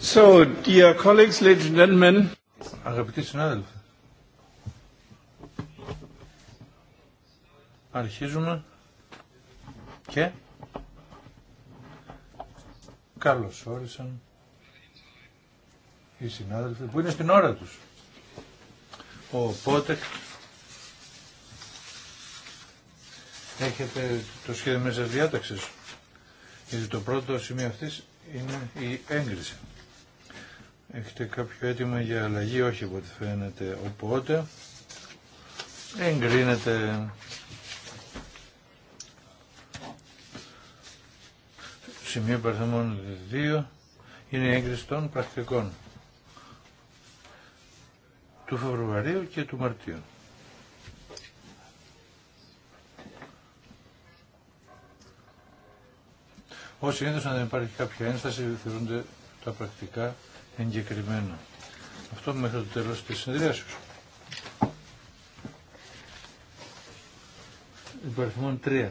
So, dear ladies and gentlemen. Αγαπητοί συνάδελφοι, αρχίζουμε και καλώς όρισαν οι συνάδελφοι που είναι στην ώρα τους. Οπότε έχετε το σχέδιο μέσα διάταξης. Γιατί το πρώτο σημείο αυτής είναι η έγκριση. Έχετε κάποιο αίτημα για αλλαγή, όχι από ό,τι φαίνεται. Οπότε εγκρίνεται. Σημείο παρθαμών 2 είναι η έγκριση των πρακτικών του Φεβρουαρίου και του Μαρτίου. Όσοι συνήθως δεν υπάρχει κάποια ένσταση θεωρούνται τα πρακτικά εγκεκριμένα. Αυτό μέχρι το τέλος της συνδυάσεως. Υπαριθμόν 3.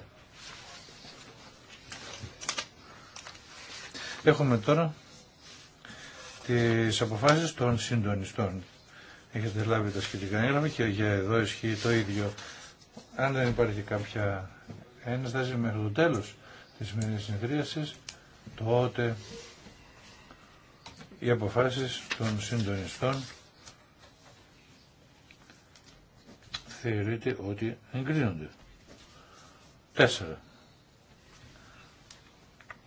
Έχουμε τώρα τις αποφάσεις των συντονιστών. Έχετε λάβει τα σχετικά έγγραφα και για εδώ ισχύει το ίδιο. Αν δεν υπάρχει κάποια ένσταση μέχρι το τέλος της σημερινής συνεδρίασης, τότε οι αποφάσεις των συντονιστών θεωρείται ότι εγκρίνονται. Τέσσερα.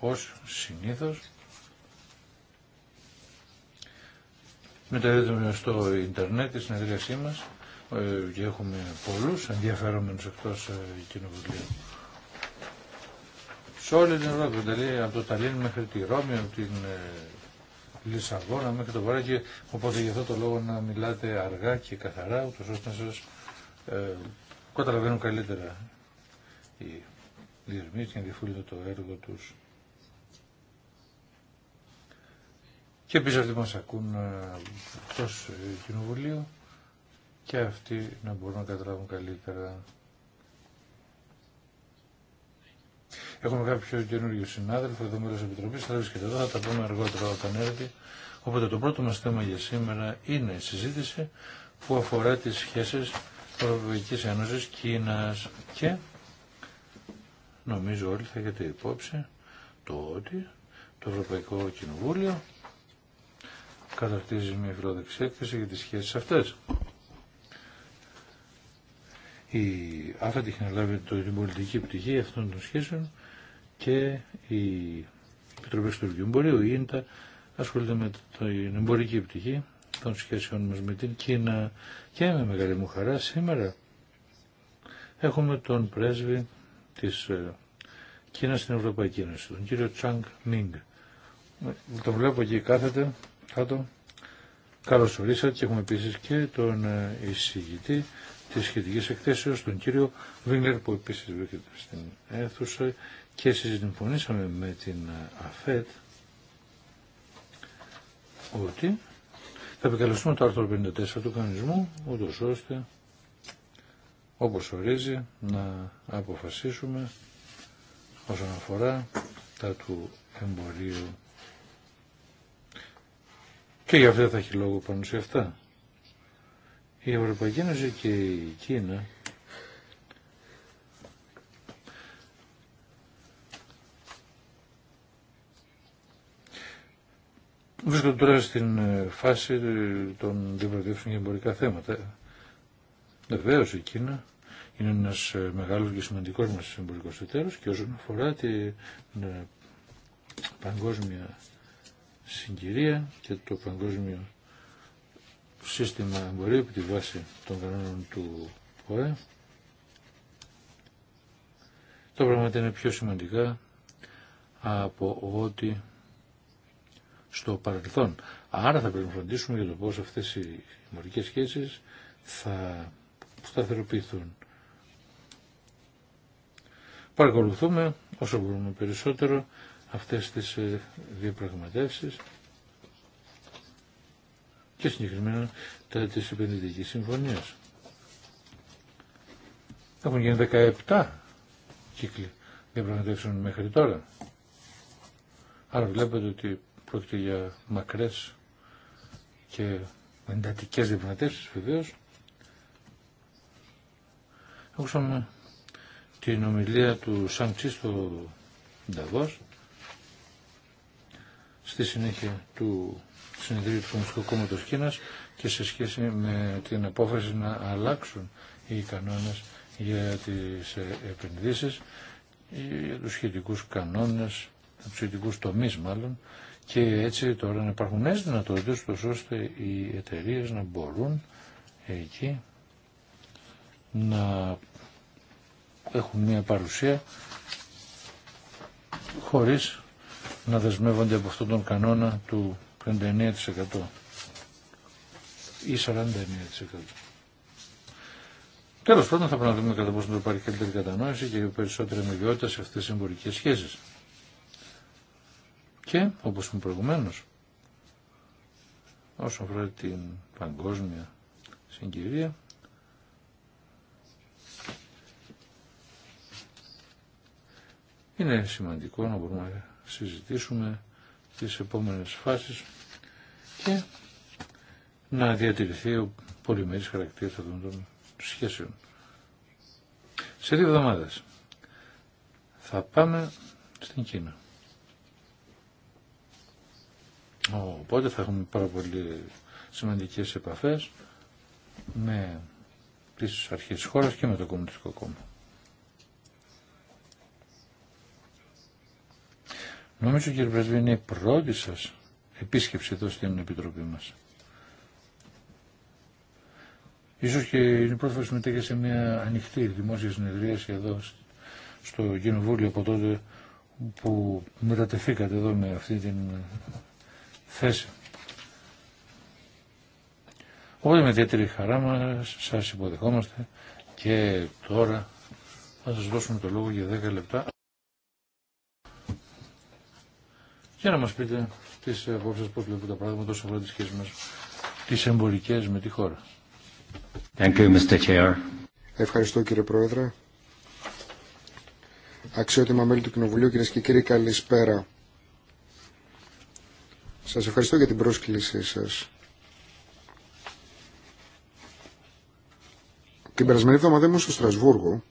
Ως συνήθως μεταδίδουμε στο ίντερνετ τη συνεδρίασή μας ε, και έχουμε πολλούς ενδιαφερόμενους εκτός ε, κοινοβουλίου. Σε όλη την Ευρώπη, δηλαδή, από το Ταλίν μέχρι τη Ρώμη, από την ε, Λισαβόνα μέχρι το βράδυ. οπότε για αυτό το λόγο να μιλάτε αργά και καθαρά, ούτως ώστε να σας ε, καταλαβαίνουν καλύτερα οι διερμοί και να το έργο τους. Και επίση αυτοί που μας ακούν ε, εκτός ε, κοινοβουλίου και αυτοί να μπορούν να καταλάβουν καλύτερα Έχουμε κάποιο καινούριο συνάδελφο εδώ μέρο Επιτροπή, θα βρίσκεται εδώ, τα πούμε αργότερα όταν έρθει. Οπότε το πρώτο μα θέμα για σήμερα είναι η συζήτηση που αφορά τι σχέσει Ευρωπαϊκή Ένωση Κίνα. Και νομίζω όλοι θα έχετε υπόψη το ότι το Ευρωπαϊκό Κοινοβούλιο καταρτίζει μια φιλόδεξη έκθεση για τις σχέσεις αυτές. Η άφατη έχει την πολιτική πτυχή αυτών των σχέσεων και η Επιτροπή του Εμπορίου, η ΙΝΤΑ, ασχολείται με την εμπορική πτυχή των σχέσεων μας με την Κίνα και με μεγάλη μου χαρά σήμερα έχουμε τον πρέσβη της ε, Κίνα στην Ευρωπαϊκή Ένωση, τον κύριο Τσάνγκ Μίνγκ. Τον βλέπω εκεί κάθεται, κάτω. Καλώ ορίσατε και έχουμε επίση και τον ε, εισηγητή τη σχετική εκθέσεω, τον κύριο Βίγκλερ, που επίση βρίσκεται στην αίθουσα και συμφωνήσαμε με την ΑΦΕΤ ότι θα επικαλεστούμε το άρθρο 54 του κανονισμού ούτως ώστε όπως ορίζει να αποφασίσουμε όσον αφορά τα του εμπορίου και για αυτά θα έχει λόγο πάνω σε αυτά. Η Ευρωπαϊκή Ένωση και η Κίνα Βρίσκονται τώρα στην ε, φάση ε, των διαπραγματεύσεων για εμπορικά θέματα. Βεβαίω η Κίνα είναι ένα ε, μεγάλο και σημαντικό μα εμπορικό εταίρο και όσον αφορά την παγκόσμια συγκυρία και το παγκόσμιο σύστημα εμπορίου από τη βάση των κανόνων του ΠΟΕ, τα πράγματα είναι πιο σημαντικά από ό,τι στο παρελθόν. Άρα θα πρέπει να φροντίσουμε για το πώς αυτές οι μορικές σχέσεις θα σταθεροποιηθούν. Παρακολουθούμε όσο μπορούμε περισσότερο αυτές τις ε, διαπραγματεύσεις και συγκεκριμένα τα της επενδυτικής συμφωνίας. Έχουν γίνει 17 κύκλοι διαπραγματεύσεων μέχρι τώρα. Άρα βλέπετε ότι Πρόκειται για μακρές και εντατικές διαπραγματεύσεις βεβαίως. Ακούσαμε την ομιλία του Σαντσί στο Νταβός στη συνέχεια του συνεδρίου του Κομμουνιστικού Κόμματος Κίνας και σε σχέση με την απόφαση να αλλάξουν οι κανόνες για τις επενδύσεις για τους σχετικούς κανόνες, τους σχετικούς τομείς μάλλον και έτσι τώρα να υπάρχουν νέες δυνατότητες ώστε οι εταιρείε να μπορούν εκεί να έχουν μια παρουσία χωρίς να δεσμεύονται από αυτόν τον κανόνα του 59% ή 49%. Τέλος πάντων θα πρέπει να δούμε κατά πόσο να υπάρχει καλύτερη κατανόηση και περισσότερη αμοιβαιότητα σε αυτές τις εμπορικές σχέσεις. Και, όπως είπαμε προηγουμένως, όσον αφορά την παγκόσμια συγκυρία, είναι σημαντικό να μπορούμε να συζητήσουμε τις επόμενες φάσεις και να διατηρηθεί ο πολυμερής χαρακτήρας των σχέσεων. Σε δύο εβδομάδες θα πάμε στην Κίνα. Οπότε θα έχουμε πάρα πολύ σημαντικές επαφές με τις αρχές της χώρας και με το Κομμουνιστικό Κόμμα. Νομίζω κύριε Πρεσβή είναι η πρώτη σας επίσκεψη εδώ στην Επιτροπή μας. Ίσως και είναι η πρώτη φορά συμμετέχει σε μια ανοιχτή δημόσια συνεδρίαση εδώ στο Κοινοβούλιο από τότε που μετατεθήκατε εδώ με αυτή την θέση. Οπότε με ιδιαίτερη χαρά μας σας υποδεχόμαστε και τώρα θα σας δώσουμε το λόγο για 10 λεπτά για να μας πείτε τις απόψεις πώς βλέπουν τα πράγματα τόσο αφορά τις σχέσεις μας τις εμπορικές με τη χώρα. Thank you, Mr. Chair. Ευχαριστώ κύριε Πρόεδρε. Αξιότιμα μέλη του Κοινοβουλίου, κυρίε και κύριοι, καλησπέρα. Σας ευχαριστώ για την πρόσκλησή σας. Την περασμένη εβδομάδα ήμουν στο Στρασβούργο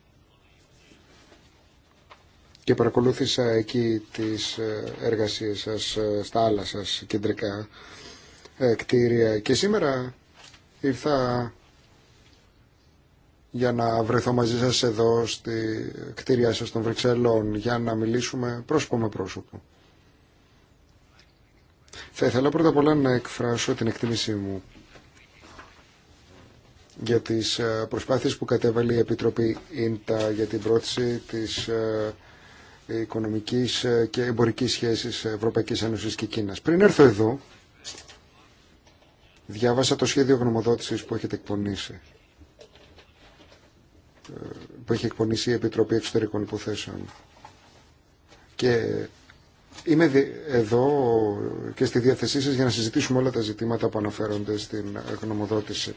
και παρακολούθησα εκεί τις ε, εργασίες σας ε, στα άλλα σας κεντρικά ε, κτίρια και σήμερα ήρθα για να βρεθώ μαζί σας εδώ στη κτίρια σας των Βρυξελών για να μιλήσουμε πρόσωπο με πρόσωπο. Θα ήθελα πρώτα απ' όλα να εκφράσω την εκτίμησή μου για τις ε, προσπάθειες που κατέβαλε η Επιτροπή ΙΝΤΑ για την πρόθεση της ε, οικονομικής ε, και εμπορικής σχέσης Ευρωπαϊκής Ένωσης και Κίνας. Πριν έρθω εδώ, διάβασα το σχέδιο γνωμοδότησης που έχετε εκπονήσει που έχει εκπονήσει η Επιτροπή Εξωτερικών Υποθέσεων και Είμαι εδώ και στη διάθεσή σας για να συζητήσουμε όλα τα ζητήματα που αναφέρονται στην γνωμοδότηση.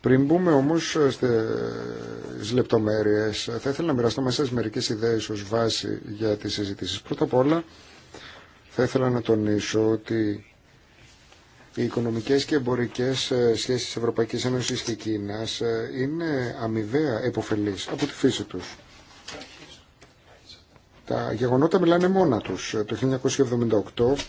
Πριν μπούμε όμως στις λεπτομέρειες, θα ήθελα να μοιραστώ μαζί σας μερικές ιδέες ως βάση για τις συζητήσεις. Πρώτα απ' όλα, θα ήθελα να τονίσω ότι οι οικονομικές και εμπορικές σχέσεις Ευρωπαϊκής Ένωσης και Κίνας είναι αμοιβαία επωφελείς από τη φύση τους. Τα γεγονότα μιλάνε μόνα τους. Το 1978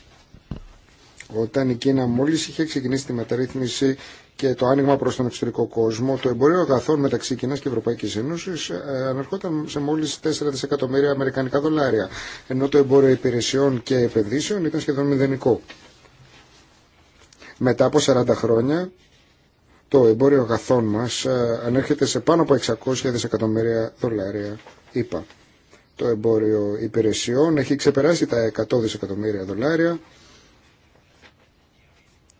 όταν η Κίνα μόλις είχε ξεκινήσει τη μεταρρύθμιση και το άνοιγμα προς τον εξωτερικό κόσμο, το εμπορίο αγαθών μεταξύ Κίνας και Ευρωπαϊκής Ένωσης ε, αναρχόταν σε μόλις 4 δισεκατομμύρια αμερικανικά δολάρια, ενώ το εμπόριο υπηρεσιών και επενδύσεων ήταν σχεδόν μηδενικό. Μετά από 40 χρόνια, το εμπόριο αγαθών μας ε, ανέρχεται σε πάνω από 600 δισεκατομμύρια δολάρια, είπα το εμπόριο υπηρεσιών έχει ξεπεράσει τα 100 δισεκατομμύρια δολάρια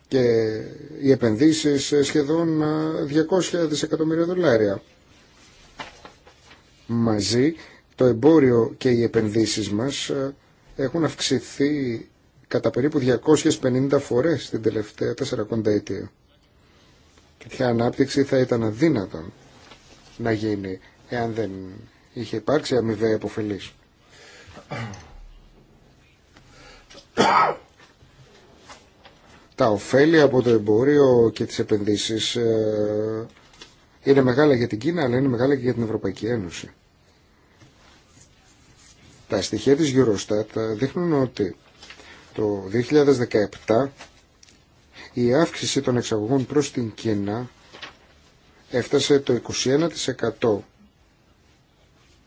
και οι επενδύσεις σχεδόν 200 δισεκατομμύρια δολάρια. Μαζί το εμπόριο και οι επενδύσεις μας έχουν αυξηθεί κατά περίπου 250 φορές την τελευταία 40 και Τέτοια ανάπτυξη θα ήταν αδύνατον να γίνει εάν δεν είχε υπάρξει αμοιβαία υποφελή. Τα ωφέλη από το εμπόριο και τις επενδύσεις ε, είναι μεγάλα για την Κίνα αλλά είναι μεγάλα και για την Ευρωπαϊκή Ένωση. Τα στοιχεία της Eurostat ε, δείχνουν ότι το 2017 η αύξηση των εξαγωγών προς την Κίνα έφτασε το 21%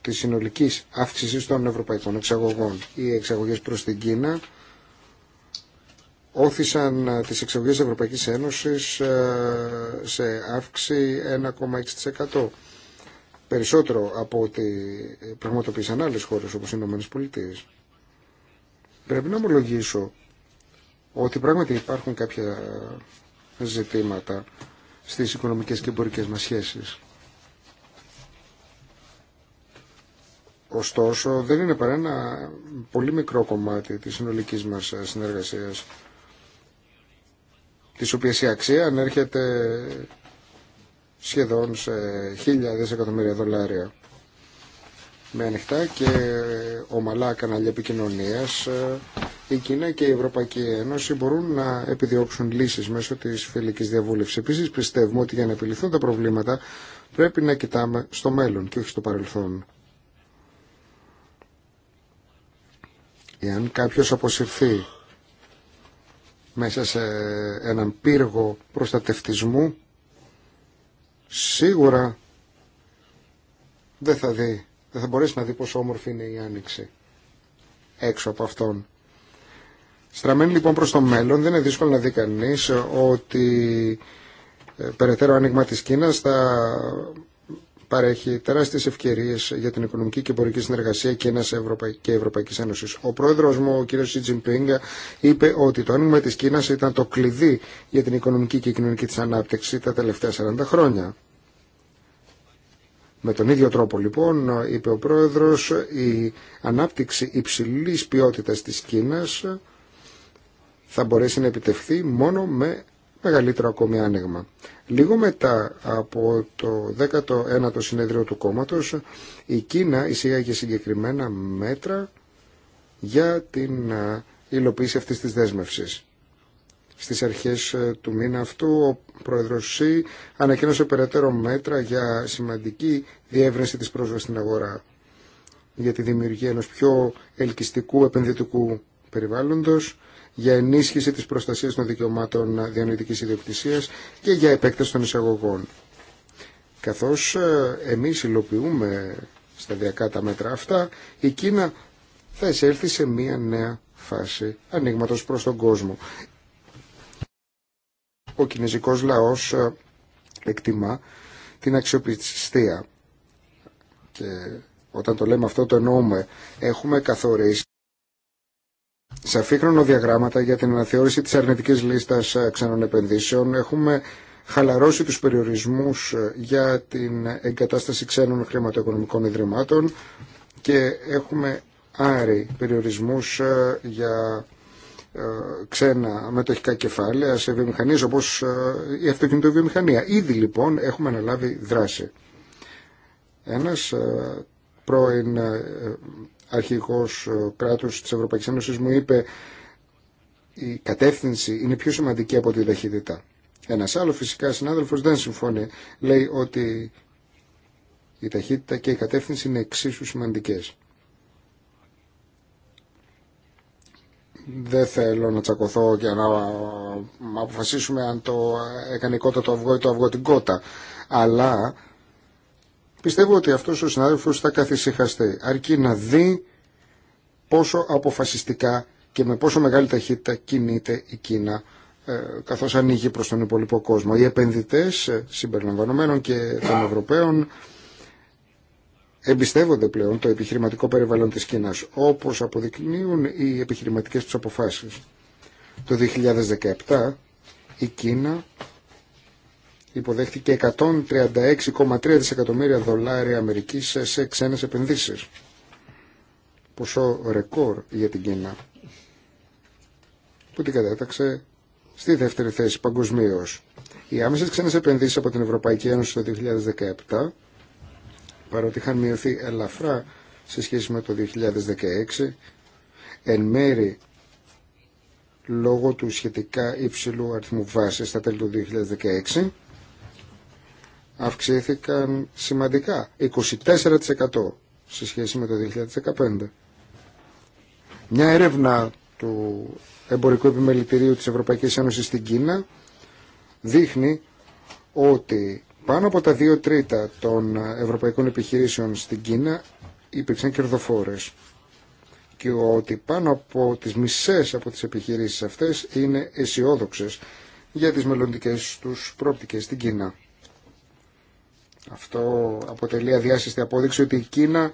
της συνολικής αύξησης των ευρωπαϊκών εξαγωγών. Οι εξαγωγές προς την Κίνα όθησαν ε, τις εξαγωγές της Ευρωπαϊκής Ένωσης ε, σε αύξηση 1,6% περισσότερο από ό,τι πραγματοποίησαν άλλες χώρες όπως οι Ηνωμένες Πολιτείες. Πρέπει να ομολογήσω ότι πράγματι υπάρχουν κάποια ζητήματα στις οικονομικές και εμπορικές μας σχέσεις. Ωστόσο, δεν είναι παρά ένα πολύ μικρό κομμάτι της συνολικής μας συνεργασίας, της οποίας η αξία ανέρχεται σχεδόν σε χίλια δισεκατομμύρια δολάρια. Με ανοιχτά και ομαλά κανάλια επικοινωνία, η Κίνα και η Ευρωπαϊκή Ένωση μπορούν να επιδιώξουν λύσεις μέσω της φιλικής διαβούλευσης. Επίσης πιστεύουμε ότι για να επιληθούν τα προβλήματα πρέπει να κοιτάμε στο μέλλον και όχι στο παρελθόν. Εάν κάποιος αποσυρθεί μέσα σε έναν πύργο προστατευτισμού, σίγουρα δεν θα δει, δεν θα μπορέσει να δει πόσο όμορφη είναι η Άνοιξη έξω από αυτόν. Στραμμένοι λοιπόν προς το μέλλον, δεν είναι δύσκολο να δει κανείς ότι ε, περαιτέρω άνοιγμα της Κίνας θα παρέχει τεράστιες ευκαιρίες για την οικονομική και πολιτική συνεργασία και, και Ευρωπαϊκή Ένωση. Ο πρόεδρος μου, ο κύριο Σιτζιμπίνγκ, είπε ότι το άνοιγμα της Κίνας ήταν το κλειδί για την οικονομική και κοινωνική της ανάπτυξη τα τελευταία 40 χρόνια. Με τον ίδιο τρόπο λοιπόν, είπε ο πρόεδρος, η ανάπτυξη υψηλής ποιότητας της Κίνας θα μπορέσει να επιτευχθεί μόνο με μεγαλύτερο ακόμη άνοιγμα. Λίγο μετά από το 19ο συνέδριο του κόμματος, η Κίνα εισήγαγε συγκεκριμένα μέτρα για την υλοποίηση αυτής της δέσμευσης. Στις αρχές του μήνα αυτού, ο Πρόεδρος Σι ανακοίνωσε περαιτέρω μέτρα για σημαντική διεύρυνση της πρόσβασης στην αγορά, για τη δημιουργία ενός πιο ελκυστικού επενδυτικού περιβάλλοντος, για ενίσχυση της προστασίας των δικαιωμάτων διανοητικής ιδιοκτησίας και για επέκταση των εισαγωγών. Καθώς ε, εμείς υλοποιούμε σταδιακά τα μέτρα αυτά, η Κίνα θα εισέλθει σε μια νέα φάση ανοίγματο προς τον κόσμο. Ο κινέζικος λαός ε, εκτιμά την αξιοπιστία και όταν το λέμε αυτό το εννοούμε έχουμε καθορίσει σαφή διαγράμματα για την αναθεώρηση της αρνητικής λίστας ε, ξένων επενδύσεων. Έχουμε χαλαρώσει τους περιορισμούς ε, για την εγκατάσταση ξένων χρηματοοικονομικών ιδρυμάτων και έχουμε άρει περιορισμούς ε, για ξένα μετοχικά κεφάλαια σε βιομηχανίες όπως η αυτοκινητοβιομηχανία. Ήδη λοιπόν έχουμε αναλάβει δράση. Ένας πρώην αρχηγός ε, κράτους της Ευρωπαϊκής Ένωσης μου είπε η κατεύθυνση είναι πιο σημαντική από τη ταχύτητα. Ένας άλλο φυσικά συνάδελφος δεν συμφωνεί. Λέει ότι η ταχύτητα και η κατεύθυνση είναι εξίσου σημαντικές. Δεν θέλω να τσακωθώ και να αποφασίσουμε αν το κότα το αυγό ή το αυγό την κότα. Αλλά Πιστεύω ότι αυτό ο συνάδελφο θα καθησυχαστεί, αρκεί να δει πόσο αποφασιστικά και με πόσο μεγάλη ταχύτητα κινείται η Κίνα ε, καθώς ανοίγει προς τον υπόλοιπο κόσμο. Οι επενδυτέ ε, συμπεριλαμβανομένων και των Ευρωπαίων εμπιστεύονται πλέον το επιχειρηματικό περιβάλλον της Κίνας, όπως αποδεικνύουν οι επιχειρηματικές τους αποφάσεις. Το 2017 η Κίνα υποδέχτηκε 136,3 δισεκατομμύρια δολάρια Αμερικής σε ξένες επενδύσεις. Ποσό ρεκόρ για την Κίνα που την κατέταξε στη δεύτερη θέση παγκοσμίω. Οι άμεσε ξένε επενδύσει από την Ευρωπαϊκή Ένωση το 2017, παρότι είχαν μειωθεί ελαφρά σε σχέση με το 2016, εν μέρη λόγω του σχετικά υψηλού αριθμού βάση στα τέλη του 2016, αυξήθηκαν σημαντικά, 24% σε σχέση με το 2015. Μια έρευνα του Εμπορικού Επιμελητηρίου της Ευρωπαϊκής Ένωσης στην Κίνα δείχνει ότι πάνω από τα δύο τρίτα των ευρωπαϊκών επιχειρήσεων στην Κίνα υπήρξαν κερδοφόρες και ότι πάνω από τις μισές από τις επιχειρήσεις αυτές είναι αισιόδοξε για τις μελλοντικές τους πρόπτικες στην Κίνα. Αυτό αποτελεί αδιάσυστη απόδειξη ότι η Κίνα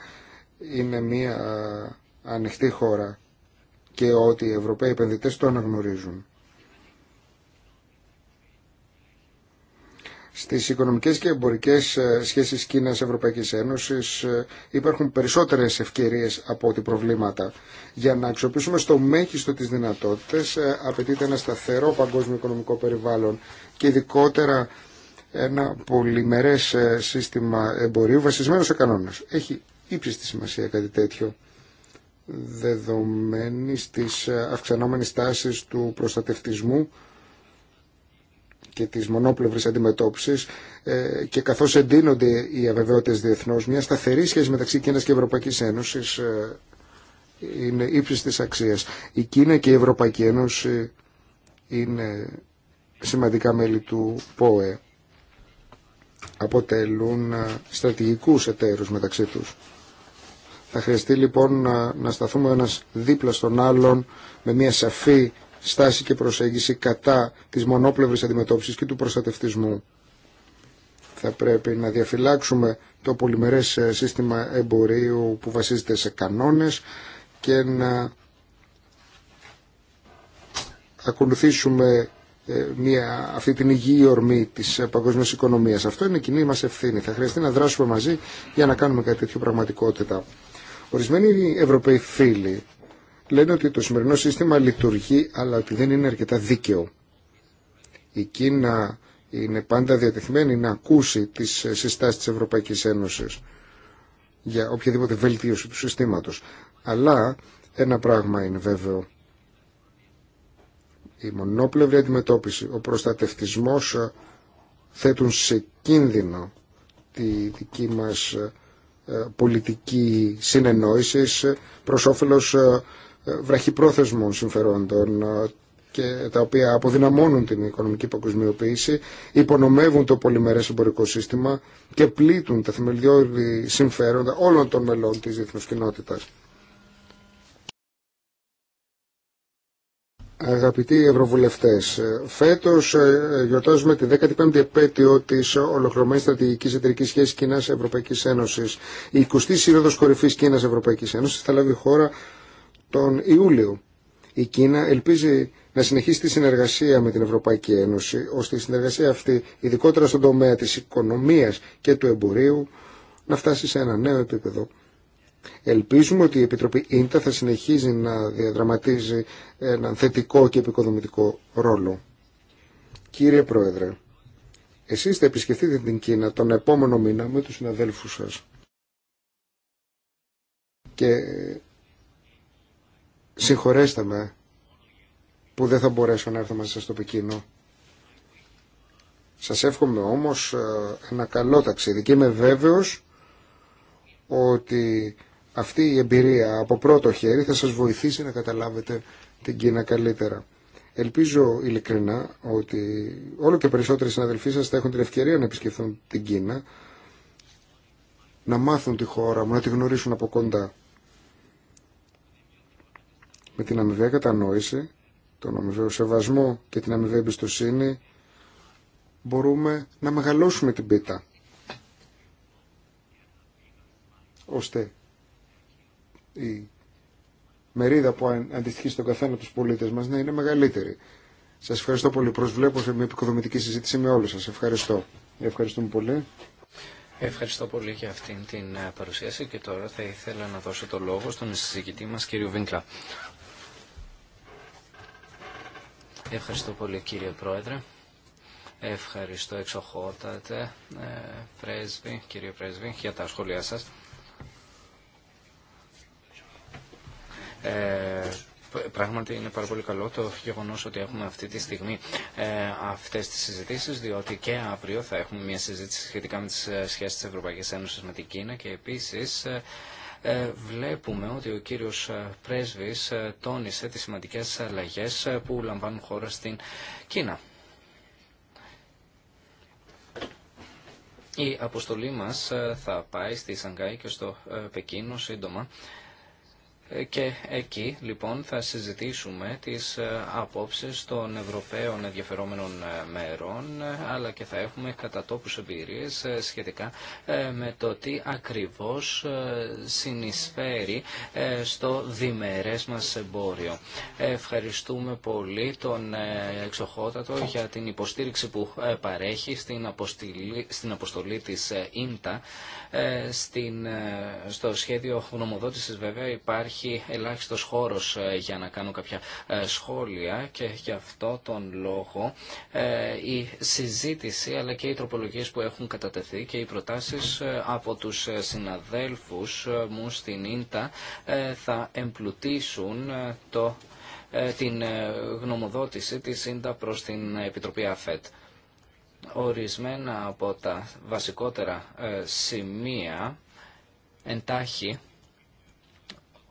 είναι μια ανοιχτή χώρα και ότι οι Ευρωπαίοι επενδυτές το αναγνωρίζουν. Στις οικονομικές και εμπορικές ε, σχέσεις Κίνας-Ευρωπαϊκής Ένωσης ε, υπάρχουν περισσότερες ευκαιρίες από ό,τι προβλήματα. Για να αξιοποιήσουμε στο μέγιστο τις δυνατότητες ε, απαιτείται ένα σταθερό παγκόσμιο οικονομικό περιβάλλον και ειδικότερα ένα πολυμερές ε, σύστημα εμπορίου βασισμένο σε κανόνες. Έχει ύψιστη σημασία κάτι τέτοιο δεδομένη της ε, αυξανόμενης τάσης του προστατευτισμού και της μονόπλευρης αντιμετώπισης ε, και καθώς εντείνονται οι αβεβαιότητες διεθνώς, μια σταθερή σχέση μεταξύ Κίνας και Ευρωπαϊκής Ένωσης είναι ύψιστης αξίας. Η Κίνα και η Ευρωπαϊκή Ένωση είναι σημαντικά μέλη του ΠΟΕ αποτελούν ε, στρατηγικούς εταίρους μεταξύ τους. Θα χρειαστεί λοιπόν ε, να σταθούμε ένας δίπλα στον άλλον με μια σαφή στάση και προσέγγιση κατά της μονόπλευρης αντιμετώπισης και του προστατευτισμού. Θα πρέπει να διαφυλάξουμε το πολυμερές ε, σύστημα εμπορίου που βασίζεται σε κανόνες και να ακολουθήσουμε ε, μια, αυτή την υγιή ορμή της ε, παγκόσμια οικονομίας. Αυτό είναι κοινή μα ευθύνη. Θα χρειαστεί να δράσουμε μαζί για να κάνουμε κάτι τέτοιο πραγματικότητα. Ορισμένοι Ευρωπαίοι φίλοι λένε ότι το σημερινό σύστημα λειτουργεί αλλά ότι δεν είναι αρκετά δίκαιο. Η Κίνα είναι πάντα διατεθειμένη να ακούσει τι ε, συστάσεις της Ευρωπαϊκής Ένωσης για οποιαδήποτε βελτίωση του συστήματο. Αλλά ένα πράγμα είναι βέβαιο η μονόπλευρη αντιμετώπιση, ο προστατευτισμός ε, θέτουν σε κίνδυνο τη δική μας ε, ε, πολιτική συνεννόηση προς όφελος βραχυπρόθεσμων συμφερόντων και τα οποία αποδυναμώνουν την οικονομική παγκοσμιοποίηση, υπονομεύουν το πολυμερές εμπορικό σύστημα και πλήττουν τα θεμελιώδη συμφέροντα όλων των μελών της διεθνούς κοινότητας. Αγαπητοί Ευρωβουλευτές, ε, φέτος ε, ε, γιορτάζουμε τη 15η επέτειο της ολοκληρωμένης στρατηγικής εταιρικής σχέσης Κίνας Ευρωπαϊκής Ένωσης. Η 20η Σύνοδος Κορυφής Κίνας Ευρωπαϊκής Ένωσης θα λάβει χώρα τον Ιούλιο. Η Κίνα ελπίζει να συνεχίσει τη συνεργασία με την Ευρωπαϊκή Ένωση, ώστε η συνεργασία αυτή, ειδικότερα στον τομέα της οικονομίας και του εμπορίου, να φτάσει σε ένα νέο επίπεδο. Ελπίζουμε ότι η Επιτροπή Ίντα θα συνεχίζει να διαδραματίζει έναν θετικό και επικοδομητικό ρόλο. Κύριε Πρόεδρε, εσείς θα επισκεφτείτε την Κίνα τον επόμενο μήνα με τους συναδέλφους σας. Και συγχωρέστε με που δεν θα μπορέσω να έρθω μαζί σας στο Πεκίνο. Σας εύχομαι όμως ε, ένα καλό ταξίδι και είμαι βέβαιος ότι αυτή η εμπειρία από πρώτο χέρι θα σας βοηθήσει να καταλάβετε την Κίνα καλύτερα. Ελπίζω ειλικρινά ότι όλο και περισσότεροι συναδελφοί σας θα έχουν την ευκαιρία να επισκεφθούν την Κίνα, να μάθουν τη χώρα μου, να τη γνωρίσουν από κοντά. Με την αμοιβαία κατανόηση, τον αμοιβαίο σεβασμό και την αμοιβαία εμπιστοσύνη μπορούμε να μεγαλώσουμε την πίτα ώστε η μερίδα που αντιστοιχεί στον καθένα τους πολίτε μας να είναι μεγαλύτερη. Σας ευχαριστώ πολύ. Προσβλέπω σε μια επικοδομητική συζήτηση με όλους σας. Ευχαριστώ. Ευχαριστούμε πολύ. Ευχαριστώ πολύ για αυτήν την ε, παρουσίαση και τώρα θα ήθελα να δώσω το λόγο στον συζητητή μας κύριο Βίνκλα. Ευχαριστώ πολύ κύριε Πρόεδρε. Ευχαριστώ εξοχότατε ε, πρέσβη, κύριε Πρέσβη για τα σχόλιά σας. Ε, πράγματι είναι πάρα πολύ καλό το γεγονός ότι έχουμε αυτή τη στιγμή ε, αυτές τις συζητήσεις, διότι και αύριο θα έχουμε μια συζήτηση σχετικά με τις ε, σχέσεις της Ευρωπαϊκής Ένωσης με την Κίνα και επίσης ε, ε, βλέπουμε ότι ο κύριος πρέσβης τόνισε τις σημαντικές αλλαγές που λαμβάνουν χώρα στην Κίνα. Η αποστολή μας θα πάει στη Σανγκάη και στο Πεκίνο σύντομα ε, και εκεί λοιπόν θα συζητήσουμε τις ε, απόψεις των Ευρωπαίων ενδιαφερόμενων ε, μέρων αλλά και θα έχουμε κατατόπους εμπειρίες σχετικά με το τι ακριβώς συνεισφέρει στο διμερές μας εμπόριο. Ευχαριστούμε πολύ τον Εξοχότατο για την υποστήριξη που παρέχει στην αποστολή, στην της ΙΝΤΑ. Στην, στο σχέδιο γνωμοδότησης βέβαια υπάρχει υπάρχει ελάχιστος χώρος ε, για να κάνω κάποια ε, σχόλια και γι' αυτό τον λόγο ε, η συζήτηση αλλά και οι τροπολογίες που έχουν κατατεθεί και οι προτάσεις από τους συναδέλφους μου στην Ίντα θα εμπλουτίσουν το, την γνωμοδότηση της Ίντα προς την Επιτροπή ΑΦΕΤ. Ορισμένα από τα βασικότερα σημεία εντάχει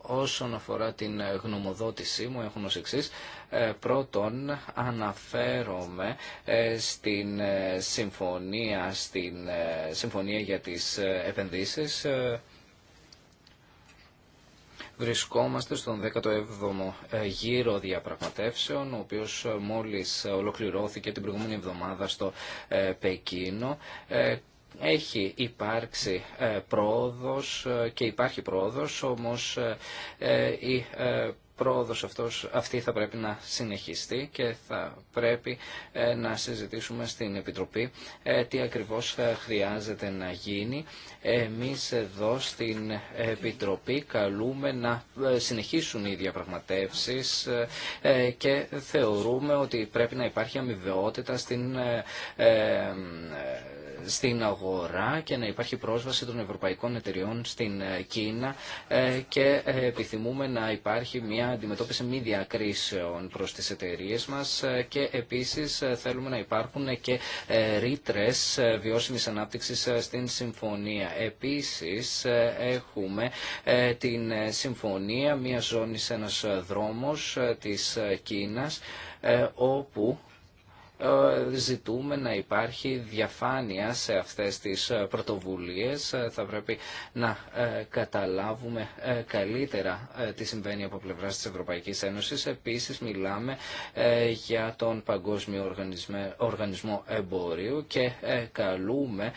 όσον αφορά την ε, γνωμοδότησή μου έχουν ως εξής. Ε, πρώτον, αναφέρομαι ε, στην συμφωνία, στην συμφωνία για τις επενδύσεις. Βρισκόμαστε στον 17ο γύρο διαπραγματεύσεων, ο οποίος μόλις ολοκληρώθηκε την προηγούμενη εβδομάδα στο Πεκίνο. Έχει υπάρξει ε, πρόοδος ε, και υπάρχει πρόοδος, όμως ε, η πρόοδος αυτός, αυτή θα πρέπει να συνεχιστεί και θα πρέπει να συζητήσουμε στην Επιτροπή τι ακριβώς χρειάζεται να γίνει. Εμείς εδώ στην Επιτροπή καλούμε να συνεχίσουν οι διαπραγματεύσεις και θεωρούμε ότι πρέπει να υπάρχει αμοιβαιότητα στην στην αγορά και να υπάρχει πρόσβαση των ευρωπαϊκών εταιριών στην ε, Κίνα ε, και ε, επιθυμούμε να υπάρχει μια αντιμετώπιση μη διακρίσεων προς τις εταιρείες μας και επίσης θέλουμε να υπάρχουν και ρήτρε βιώσιμης ανάπτυξης στην συμφωνία. Επίσης έχουμε την συμφωνία μια ζώνη ένας δρόμος της Κίνας όπου ε, ζητούμε να υπάρχει διαφάνεια σε αυτές τις ε, πρωτοβουλίες. Ε, θα πρέπει να καταλάβουμε καλύτερα τι συμβαίνει από πλευρά της Ευρωπαϊκής Ένωσης. Επίσης μιλάμε για τον Παγκόσμιο Οργανισμό Εμπορίου και καλούμε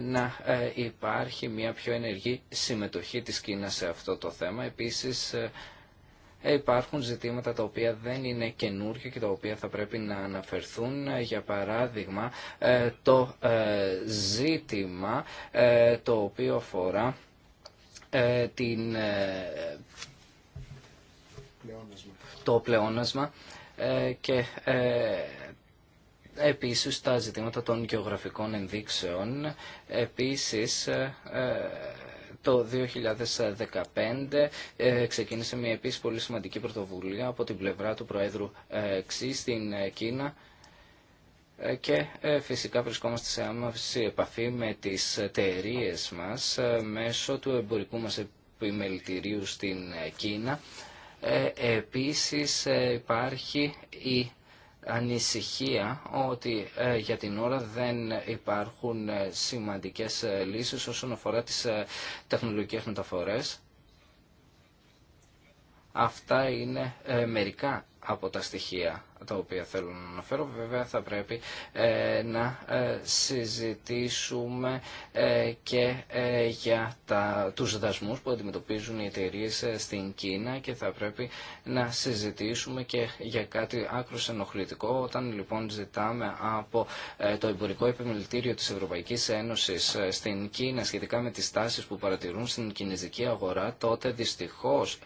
να υπάρχει μια πιο ενεργή συμμετοχή της Κίνας σε αυτό το θέμα. Επίσης υπάρχουν ζητήματα τα οποία δεν είναι καινούργια και τα οποία θα πρέπει να αναφερθούν. Για παράδειγμα, ε, το ε, ζήτημα ε, το οποίο αφορά την... το πλεόνασμα και επίσης τα ζητήματα των γεωγραφικών ενδείξεων. Επίσης, το 2015 ε, ξεκίνησε μια επίση πολύ σημαντική πρωτοβουλία από την πλευρά του Προέδρου ε, Ξή στην ε, Κίνα και φυσικά βρισκόμαστε σε άμαυση επαφή με τις εταιρείε μας μέσω του εμπορικού μας επιμελητηρίου στην Κίνα. Επίσης υπάρχει η ανησυχία ότι ε, για την ώρα δεν υπάρχουν ε, σημαντικές ε, λύσεις όσον αφορά τις τεχνολογικές μεταφορές. Αυτά είναι μερικά από τα στοιχεία τα οποία θέλω να αναφέρω. Βέβαια θα πρέπει ε, να ε, συζητήσουμε ε, και για τα, τους δασμούς που αντιμετωπίζουν οι εταιρείε στην Κίνα και θα πρέπει να συζητήσουμε και για κάτι άκρως ενοχλητικό όταν λοιπόν ζητάμε από το Εμπορικό Επιμελητήριο της Ευρωπαϊκής Ένωσης στην Κίνα σχετικά με τις τάσεις που παρατηρούν στην κινέζικη αγορά τότε δυστυχώς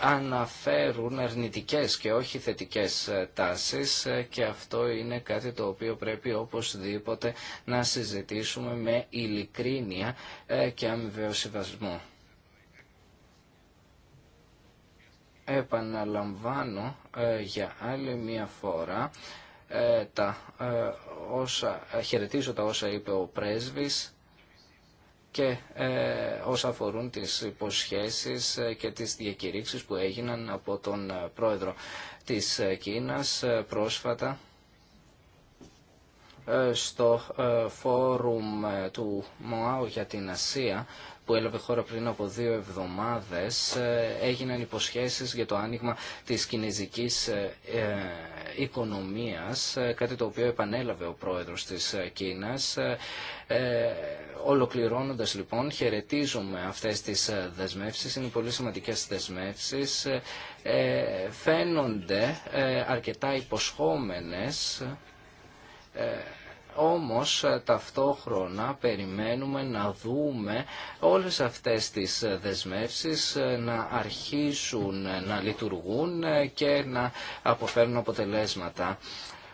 αναφέρουν αρνητικές και όχι θετικές ε, τάσεις ε, και αυτό είναι κάτι το οποίο πρέπει οπωσδήποτε να συζητήσουμε με ειλικρίνεια ε, και αμοιβαίο Επαναλαμβάνω για άλλη μία φορά τα όσα, χαιρετίζω τα όσα είπε ο πρέσβης και ε, όσα αφορούν τις υποσχέσεις ε, και τις διακηρύξεις που έγιναν από τον ε, πρόεδρο της Κίνας πρόσφατα στο φόρουμ του ΜΟΑΟ για την Ασία που έλαβε χώρα πριν από δύο εβδομάδες έγιναν υποσχέσεις για το άνοιγμα της κινέζικης οικονομίας, ε, κάτι το οποίο επανέλαβε ο πρόεδρος της ε, Κίνας. Ε, ολοκληρώνοντας λοιπόν, χαιρετίζουμε αυτές τις δεσμεύσεις, είναι πολύ σημαντικές δεσμεύσεις, φαίνονται αρκετά υποσχόμενες όμως ε, ταυτόχρονα περιμένουμε να δούμε όλες αυτές τις ε, δεσμεύσεις ε, να αρχίσουν να λειτουργούν και να αποφέρουν αποτελέσματα.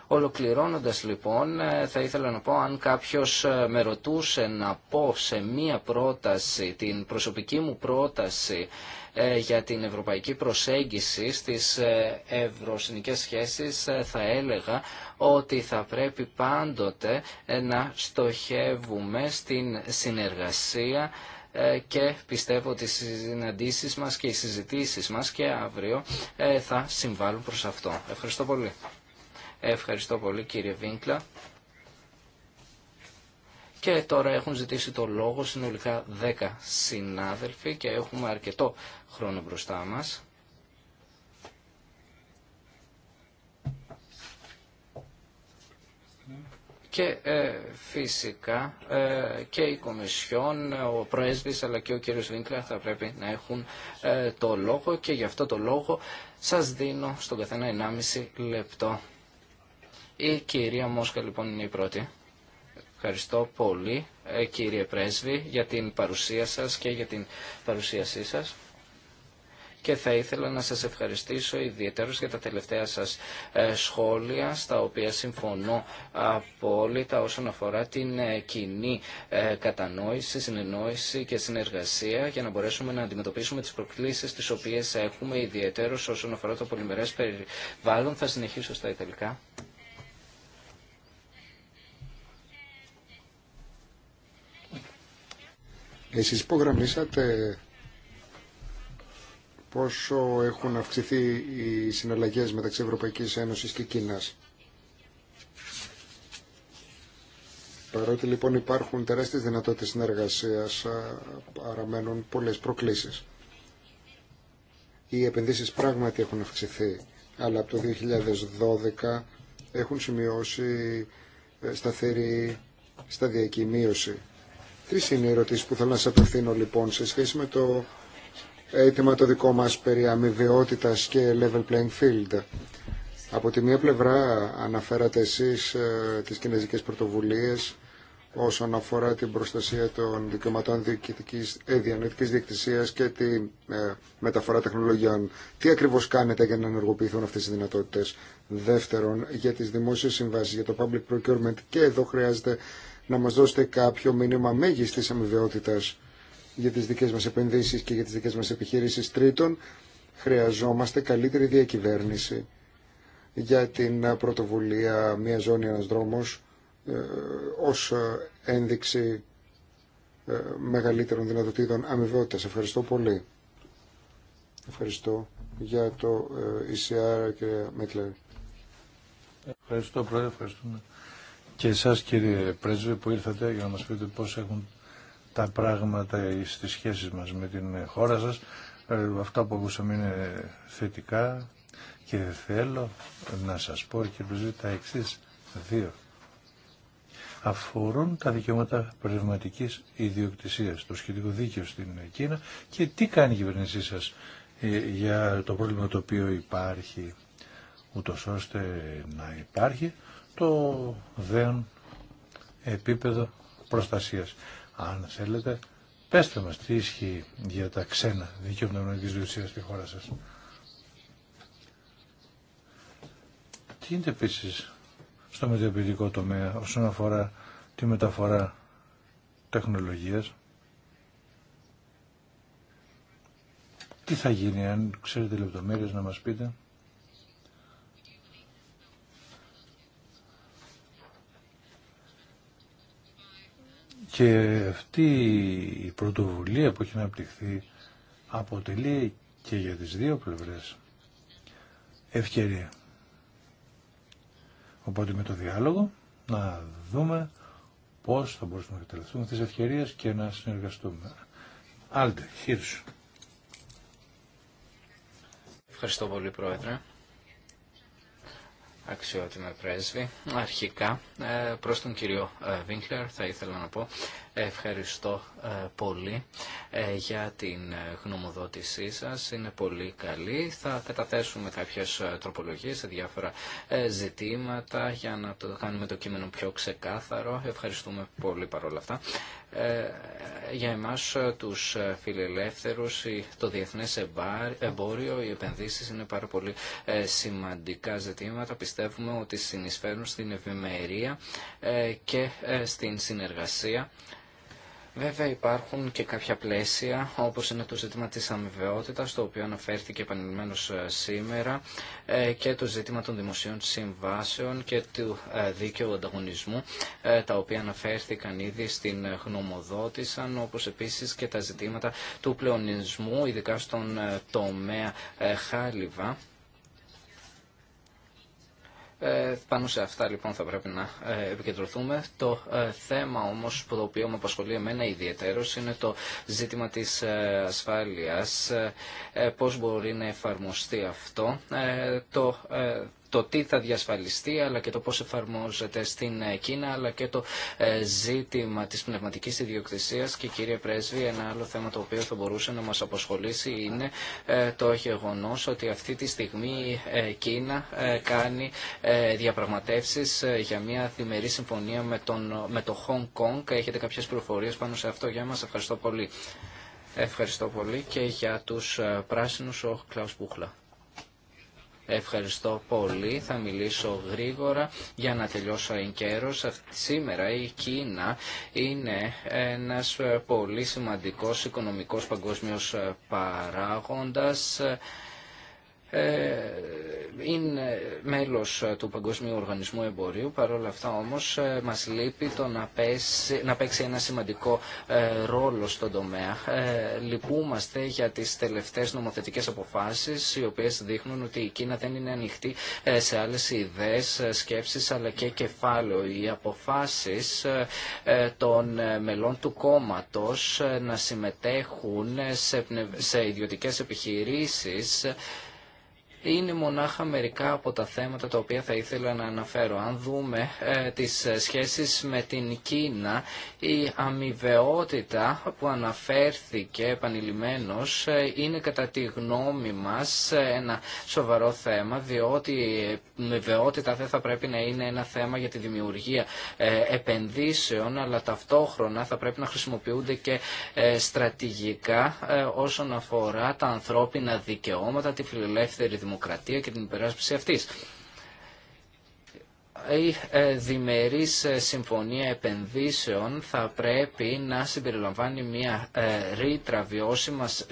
Ολοκληρώνοντας λοιπόν ε, θα ήθελα να πω αν κάποιος ε, με ρωτούσε να πω σε μία πρόταση, την προσωπική μου πρόταση ε, για την ευρωπαϊκή προσέγγιση στις ευρωσυνικές σχέσεις θα έλεγα ότι θα πρέπει πάντοτε να στοχεύουμε στην συνεργασία και πιστεύω ότι οι συναντήσεις μας και οι συζητήσεις μας και αύριο θα συμβάλλουν προς αυτό. Ευχαριστώ πολύ. Ευχαριστώ πολύ κύριε Βίνκλα. Και τώρα έχουν ζητήσει το λόγο συνολικά 10 συνάδελφοι και έχουμε αρκετό χρόνο μπροστά μας. Και ε, φυσικά ε, και η Κομισιόν, ο Πρόεδρος αλλά και ο κύριος Βίνκλα θα πρέπει να έχουν ε, το λόγο και γι' αυτό το λόγο σας δίνω στον καθένα 1,5 λεπτό. Η κυρία Μόσκα λοιπόν είναι η πρώτη. Ευχαριστώ πολύ ε, κύριε Πρέσβη για την παρουσία σας και για την παρουσίασή σας και θα ήθελα να σας ευχαριστήσω ιδιαίτερως για τα τελευταία σας ε, σχόλια στα οποία συμφωνώ απόλυτα όσον αφορά την ε, κοινή κατανόηση, συνεννόηση και συνεργασία για να μπορέσουμε να αντιμετωπίσουμε τις προκλήσεις τις οποίες έχουμε ιδιαίτερως όσον αφορά το πολυμερές περιβάλλον. Θα συνεχίσω στα Ιταλικά. Εσείς υπογραμμίσατε πόσο έχουν αυξηθεί οι συναλλαγές μεταξύ Ευρωπαϊκής Ένωσης και Κίνας. Παρότι λοιπόν υπάρχουν τεράστιες δυνατότητες συνεργασίας, παραμένουν πολλές προκλήσεις. Οι επενδύσεις πράγματι έχουν αυξηθεί, αλλά από το 2012 έχουν σημειώσει ε, σταθερή σταδιακή μείωση Τρει είναι οι ερωτήσει που θέλω να σας απευθύνω λοιπόν σε σχέση με το αίτημα το δικό μας περί αμοιβαιότητα και level playing field. Από τη μία πλευρά αναφέρατε εσείς ε, τις κινέζικες πρωτοβουλίες όσον αφορά την προστασία των δικαιωματών ε, διανοητικής διεκτησίας και τη ε, μεταφορά τεχνολογιών. Τι ακριβώς κάνετε για να ενεργοποιηθούν αυτές οι δυνατότητες. Δεύτερον, για τις δημόσιες συμβάσεις, για το public procurement και εδώ χρειάζεται να μας δώσετε κάποιο μήνυμα μέγιστης αμοιβαιότητας για τις δικές μας επενδύσεις και για τις δικές μας επιχειρήσεις. Τρίτον, χρειαζόμαστε καλύτερη διακυβέρνηση για την πρωτοβουλία «Μία ζώνη, ένας δρόμος» ε, ως ένδειξη ε, μεγαλύτερων δυνατοτήτων αμοιβαιότητας. Ευχαριστώ πολύ. Ευχαριστώ για το ECR, κύριε Μέτλερ. Ευχαριστώ, Πρόεδρε. Ευχαριστούμε και εσάς κύριε Πρέσβε που ήρθατε για να μας πείτε πώς έχουν τα πράγματα στις σχέσεις μας με την χώρα σας. Ε, αυτά που ακούσαμε είναι θετικά και θέλω να σας πω και Πρέσβε τα εξής δύο. Αφορούν τα δικαιώματα πνευματικής ιδιοκτησίας, το σχετικό δίκαιο στην Κίνα και τι κάνει η κυβέρνησή σας ε, για το πρόβλημα το οποίο υπάρχει ούτως ώστε να υπάρχει το δέον επίπεδο προστασίας. Αν θέλετε, πέστε μας τι ισχύει για τα ξένα δικαιοπνευματική της στη χώρα σας. Τι είναι επίση στο μεταπηδικό τομέα όσον αφορά τη μεταφορά τεχνολογίας. Τι θα γίνει αν ξέρετε λεπτομέρειες να μας πείτε. Και αυτή η πρωτοβουλία που έχει αναπτυχθεί αποτελεί και για τις δύο πλευρές ευκαιρία. Οπότε με το διάλογο να δούμε πώς θα μπορούσαμε να καταλαβαίνουμε τις ευκαιρίες και να συνεργαστούμε. Άλτε, χείρισου. Ευχαριστώ πολύ, Πρόεδρε αξιότιμε πρέσβη. Αρχικά, ε, προς τον κύριο Βίνκλερ θα ήθελα να πω ευχαριστώ ε, πολύ ε, για την ε, γνωμοδότησή σας. Είναι πολύ καλή. Θα καταθέσουμε κάποιες ε, τροπολογίες σε διάφορα ζητήματα για να το κάνουμε το κείμενο πιο ξεκάθαρο. Ευχαριστούμε πολύ παρόλα αυτά. Για εμάς τους φιλελεύθερους το διεθνές εμπόριο, οι επενδύσεις είναι πάρα πολύ σημαντικά ζητήματα. Πιστεύουμε ότι συνεισφέρουν στην ευημερία και στην συνεργασία Βέβαια υπάρχουν και κάποια πλαίσια, όπως είναι το ζήτημα της αμοιβαιότητας, το οποίο αναφέρθηκε επανειλημμένως ε, σήμερα, ε, και το ζήτημα των δημοσίων συμβάσεων και του ε, δίκαιου ανταγωνισμού, τα οποία αναφέρθηκαν ήδη στην γνωμοδότησαν, όπως επίσης και τα ζητήματα του πλεονισμού, ειδικά στον τομέα χάλιβα ε, πάνω σε αυτά λοιπόν θα πρέπει να ε, επικεντρωθούμε. Το ε, θέμα όμως που το οποίο με απασχολεί εμένα ιδιαίτερος είναι το ζήτημα της ασφάλειας, πώς μπορεί να εφαρμοστεί αυτό. Το το τι θα διασφαλιστεί αλλά και το πώς εφαρμόζεται στην Κίνα αλλά και το ε, ζήτημα της πνευματικής ιδιοκτησίας και κύριε Πρέσβη ένα άλλο θέμα το οποίο θα μπορούσε να μας αποσχολήσει είναι ε, το γεγονό ότι αυτή τη στιγμή η ε, Κίνα κάνει διαπραγματεύσεις για μια διμερή συμφωνία με, τον, με το Hong Kong. Έχετε κάποιες προφορίες πάνω σε αυτό για μας. Ευχαριστώ πολύ. Ευχαριστώ πολύ και για τους πράσινους ο Κλάους Πούχλα. Ευχαριστώ πολύ. Θα μιλήσω γρήγορα για να τελειώσω εν καιρό. Σήμερα η Κίνα είναι ένας ε, πολύ σημαντικός οικονομικός παγκόσμιος ε, παράγοντας ε, είναι μέλος του Παγκοσμίου Οργανισμού Εμπορίου, παρόλα αυτά όμως ε, μας λείπει το να, να παίξει ένα σημαντικό ε, ρόλο στον τομέα. Λυπούμαστε για τις τελευταίες νομοθετικές αποφάσεις, οι οποίες δείχνουν ότι η Κίνα δεν είναι ανοιχτή σε άλλες ιδέες, σκέψεις, αλλά και κεφάλαιο. Οι αποφάσεις των μελών του κόμματος να συμμετέχουν σε ιδιωτικές επιχειρήσεις είναι μονάχα μερικά από τα θέματα τα οποία θα ήθελα να αναφέρω. Αν δούμε ε, τις ε, σχέσεις με την Κίνα, η αμοιβαιότητα που αναφέρθηκε επανειλημμένως ε, είναι κατά τη γνώμη μας ένα σοβαρό θέμα, διότι η αμοιβαιότητα δεν θα πρέπει να είναι ένα θέμα για τη δημιουργία επενδύσεων, αλλά ταυτόχρονα θα πρέπει να χρησιμοποιούνται και στρατηγικά όσον αφορά τα ανθρώπινα δικαιώματα, τη φιλελεύθερη δημοσιογραφία Δημοκρατία και την υπεράσπιση αυτής η ε, διμερής ε, συμφωνία επενδύσεων θα πρέπει να συμπεριλαμβάνει μια ε, ρήτρα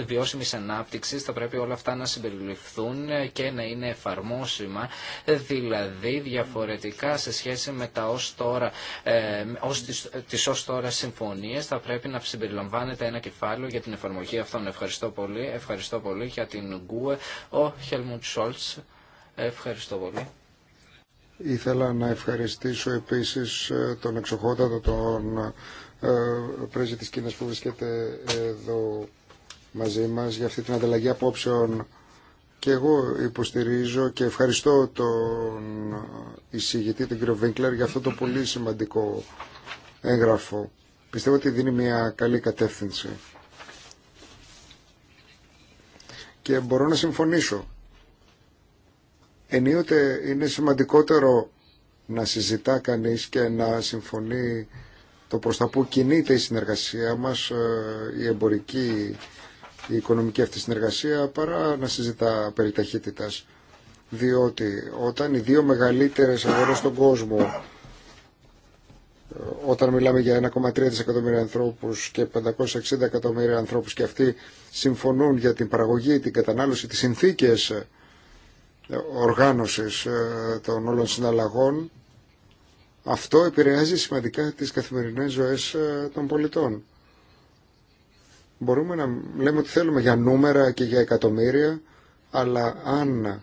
βιώσιμης ανάπτυξης, θα πρέπει όλα αυτά να συμπεριληφθούν και να είναι εφαρμόσιμα, δηλαδή διαφορετικά σε σχέση με τα ως τώρα, ως τις, ως τώρα συμφωνίες, θα πρέπει να συμπεριλαμβάνεται ένα κεφάλαιο για την εφαρμογή αυτών. Ευχαριστώ πολύ, ευχαριστώ πολύ για την ΓΚΟΕ, ο Χέλμουντ Σόλτς. Ευχαριστώ πολύ. Ήθελα να ευχαριστήσω επίσης ε, τον εξοχότατο τον ε, πρέσβη της Κίνας που βρίσκεται εδώ μαζί μας για αυτή την ανταλλαγή απόψεων και εγώ υποστηρίζω και ευχαριστώ τον εισηγητή, τον κύριο Βίνκλερ, για αυτό το πολύ σημαντικό έγγραφο. Πιστεύω ότι δίνει μια καλή κατεύθυνση. Και μπορώ να συμφωνήσω ενίοτε είναι σημαντικότερο να συζητά κανείς και να συμφωνεί το προς τα που κινείται η συνεργασία μας, ε, η εμπορική, η οικονομική αυτή συνεργασία, παρά να συζητά περί ταχύτητας. Διότι όταν οι δύο μεγαλύτερες αγορές στον κόσμο, ε, όταν μιλάμε για 1,3 δισεκατομμύρια ανθρώπους και 560 εκατομμύρια ανθρώπους και αυτοί συμφωνούν για την παραγωγή, την κατανάλωση, τις συνθήκες οργάνωσης ε, των όλων συναλλαγών, αυτό επηρεάζει σημαντικά τις καθημερινές ζωές ε, των πολιτών. Μπορούμε να λέμε ότι θέλουμε για νούμερα και για εκατομμύρια, αλλά αν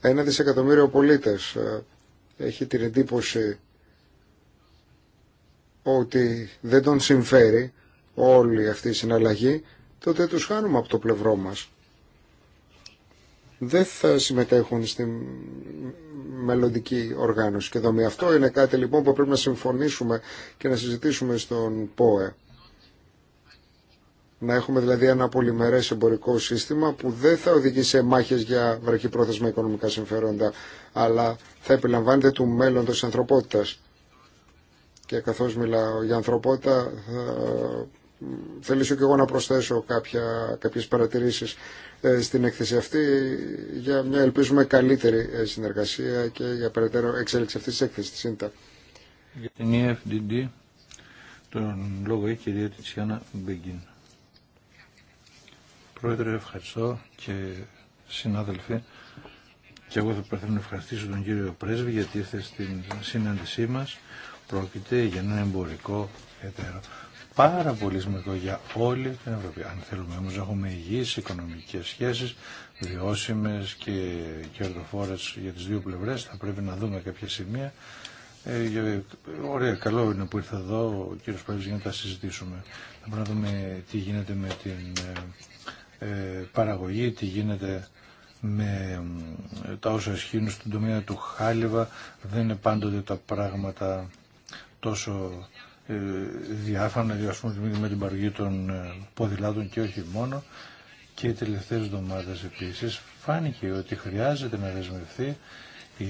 ένα δισεκατομμύριο πολίτες ε, έχει την εντύπωση ότι δεν τον συμφέρει όλη αυτή η συναλλαγή, τότε τους χάνουμε από το πλευρό μας δεν θα συμμετέχουν στη μελλοντική οργάνωση και δομή. Αυτό είναι κάτι λοιπόν που πρέπει να συμφωνήσουμε και να συζητήσουμε στον ΠΟΕ. Να έχουμε δηλαδή ένα πολυμερές εμπορικό σύστημα που δεν θα οδηγεί σε μάχες για βραχυπρόθεσμα οικονομικά συμφέροντα, αλλά θα επιλαμβάνεται του μέλλοντος ανθρωπότητας. Και καθώς μιλάω για ανθρωπότητα, θελήσω και εγώ να προσθέσω κάποια, κάποιες παρατηρήσεις ε, στην έκθεση αυτή για μια ελπίζουμε καλύτερη ε, συνεργασία και για περαιτέρω εξέλιξη αυτής της έκθεσης της ΣΥΝΤΑ. Για την EFDD τον λόγο έχει η κυρία Τιτσιάνα Μπέγκιν. Πρόεδρε ευχαριστώ και συνάδελφοι και εγώ θα πρέπει να ευχαριστήσω τον κύριο Πρέσβη γιατί ήρθε στην συνάντησή μας πρόκειται για ένα εμπορικό εταίρο πάρα πολύ σημαντικό για όλη την Ευρώπη. Αν θέλουμε όμως να έχουμε υγιείς οικονομικές σχέσεις, βιώσιμες και κερδοφόρες για τις δύο πλευρές, θα πρέπει να δούμε κάποια σημεία. Ε, ωραία, καλό είναι που ήρθε εδώ ο κύριος Παύλης για να τα συζητήσουμε. Θα πρέπει να δούμε τι γίνεται με την ε, παραγωγή, τι γίνεται με ε, τα όσα ισχύουν στον τομέα του Χάλιβα. Δεν είναι πάντοτε τα πράγματα τόσο ε, διάφανα με την παροχή των ε, ποδηλάτων και όχι μόνο και οι τελευταίες εβδομάδες επίσης φάνηκε ότι χρειάζεται να δεσμευθεί η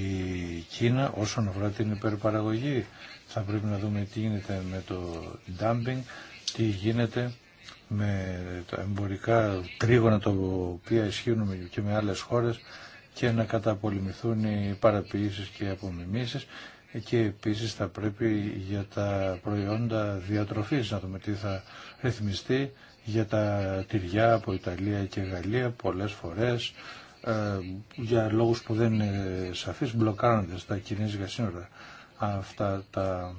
Κίνα όσον αφορά την υπερπαραγωγή. Θα πρέπει να δούμε τι γίνεται με το dumping, τι γίνεται με τα εμπορικά τρίγωνα τα οποία ισχύουν και με άλλες χώρες και να καταπολεμηθούν οι παραποιήσεις και οι και επίσης θα πρέπει για τα προϊόντα διατροφής να δούμε τι θα ρυθμιστεί για τα τυριά από Ιταλία και Γαλλία πολλές φορές ε, για λόγους που δεν είναι σαφείς μπλοκάρονται στα κινέζικα σύνορα αυτά τα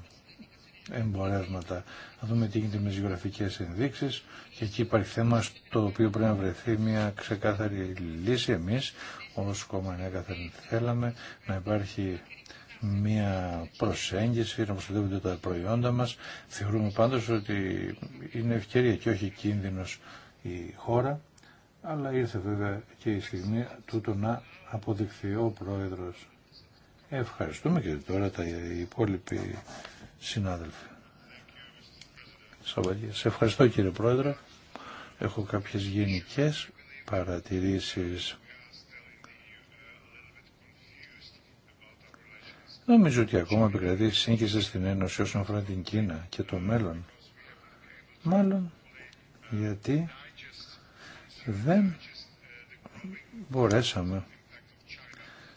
εμπορεύματα. Να δούμε τι γίνεται με τις ενδείξεις και εκεί υπάρχει θέμα στο οποίο πρέπει να βρεθεί μια ξεκάθαρη λύση εμείς ως κόμμα νέα θέλαμε να υπάρχει μια προσέγγιση, να προστατεύονται τα προϊόντα μας. Θεωρούμε πάντως ότι είναι ευκαιρία και όχι κίνδυνος η χώρα, αλλά ήρθε βέβαια και η στιγμή τούτο να αποδειχθεί ο Πρόεδρος. Ευχαριστούμε και τώρα τα υπόλοιποι συνάδελφοι. Σε ευχαριστώ κύριε Πρόεδρε. Έχω κάποιες γενικές παρατηρήσεις Νομίζω ότι ακόμα επικρατεί σύγχυση στην Ένωση όσον αφορά την Κίνα και το μέλλον. Μάλλον γιατί δεν μπορέσαμε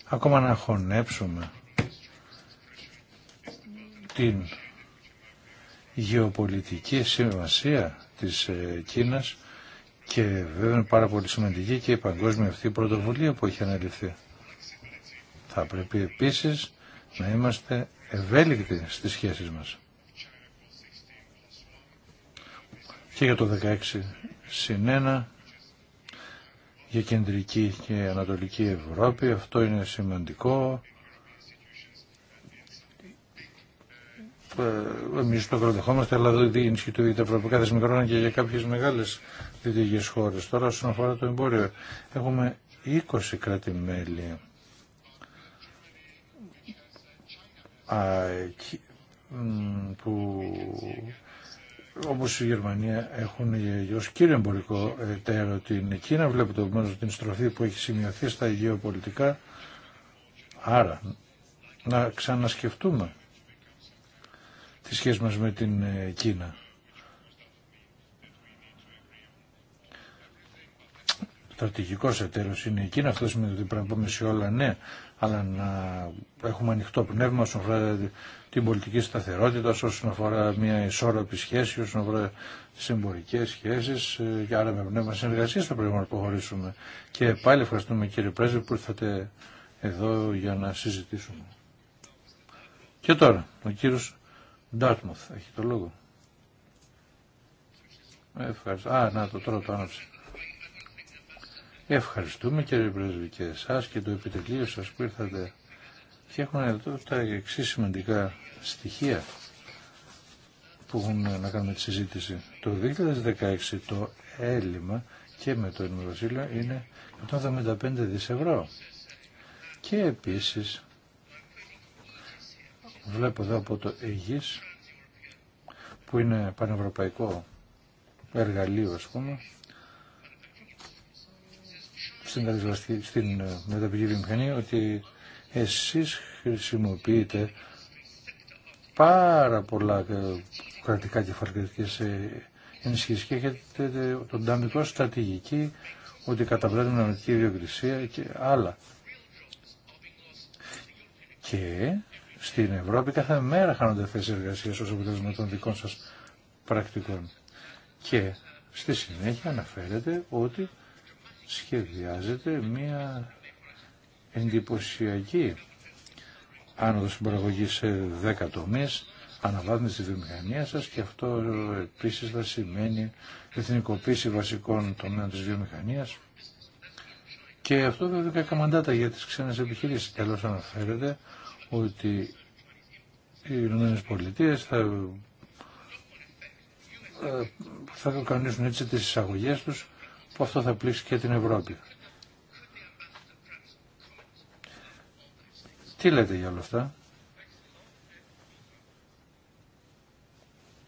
ακόμα να χωνέψουμε την γεωπολιτική σημασία της ε, Κίνας και βέβαια είναι πάρα πολύ σημαντική και η παγκόσμια αυτή πρωτοβουλία που έχει αναλυθεί. Θα πρέπει επίσης να είμαστε ευέλικτοι στις σχέσεις μας. Και για το 16 1 για κεντρική και ανατολική Ευρώπη, αυτό είναι σημαντικό. Ε, Εμεί το κρατεχόμαστε, αλλά δεν είναι τα ευρωπαϊκά θεσμικά και για κάποιε μεγάλε δυτικέ χώρε. Τώρα, όσον αφορά το εμπόριο, έχουμε 20 κράτη-μέλη που όπως η Γερμανία έχουν ως κύριο εμπορικό εταίρο την Κίνα, βλέπετε επομένως την στροφή που έχει σημειωθεί στα γεωπολιτικά. Άρα, να ξανασκεφτούμε τις σχέσεις μας με την ε, Κίνα. στρατηγικό εταίρο είναι εκεί, Κίνα. Αυτό σημαίνει ότι πρέπει να πούμε σε όλα ναι, αλλά να έχουμε ανοιχτό πνεύμα όσον αφορά την πολιτική σταθερότητα, όσον αφορά μια ισόρροπη σχέση, όσον αφορά τι εμπορικέ σχέσει. Και ε, άρα με πνεύμα συνεργασία θα πρέπει να προχωρήσουμε. Και πάλι ευχαριστούμε κύριε Πρέσβη που ήρθατε εδώ για να συζητήσουμε. Και τώρα ο κύριο Ντάρτμουθ έχει το λόγο. Ευχαριστώ. Α, να το τρώω το άναψε. Ευχαριστούμε κύριε Πρέσβη και εσά και το επιτελείο σας που ήρθατε και έχουν εδώ τα εξή σημαντικά στοιχεία που έχουν να κάνουν τη συζήτηση. Το 2016 το έλλειμμα και με το Βασίλειο είναι 175 δις ευρώ. Και επίσης βλέπω εδώ από το ΕΓΙΣ που είναι πανευρωπαϊκό εργαλείο ας πούμε στην, στην ε, μεταπηγή βιομηχανία ότι εσείς χρησιμοποιείτε πάρα πολλά ε, κρατικά και ε, ενισχύσει και έχετε τον ταμικό στρατηγική ότι καταβλέπετε την αμυντική βιοκρισία και άλλα. Και στην Ευρώπη κάθε μέρα χάνονται θέσει εργασία ω αποτέλεσμα των δικών σα πρακτικών. Και στη συνέχεια αναφέρεται ότι σχεδιάζεται μία εντυπωσιακή άνοδος στην παραγωγή σε 10 τομείς, αναβάθμιση τη βιομηχανίας σας και αυτό επίση θα σημαίνει εθνικοποίηση βασικών τομέων της βιομηχανία. και αυτό βέβαια μαντάτα για τις ξένες επιχειρήσεις. Τέλος αναφέρεται ότι οι Ηνωμένες Πολιτείες θα, ε, θα κανονίσουν έτσι τις εισαγωγές τους που αυτό θα πλήξει και την Ευρώπη. Τι λέτε για όλα αυτά.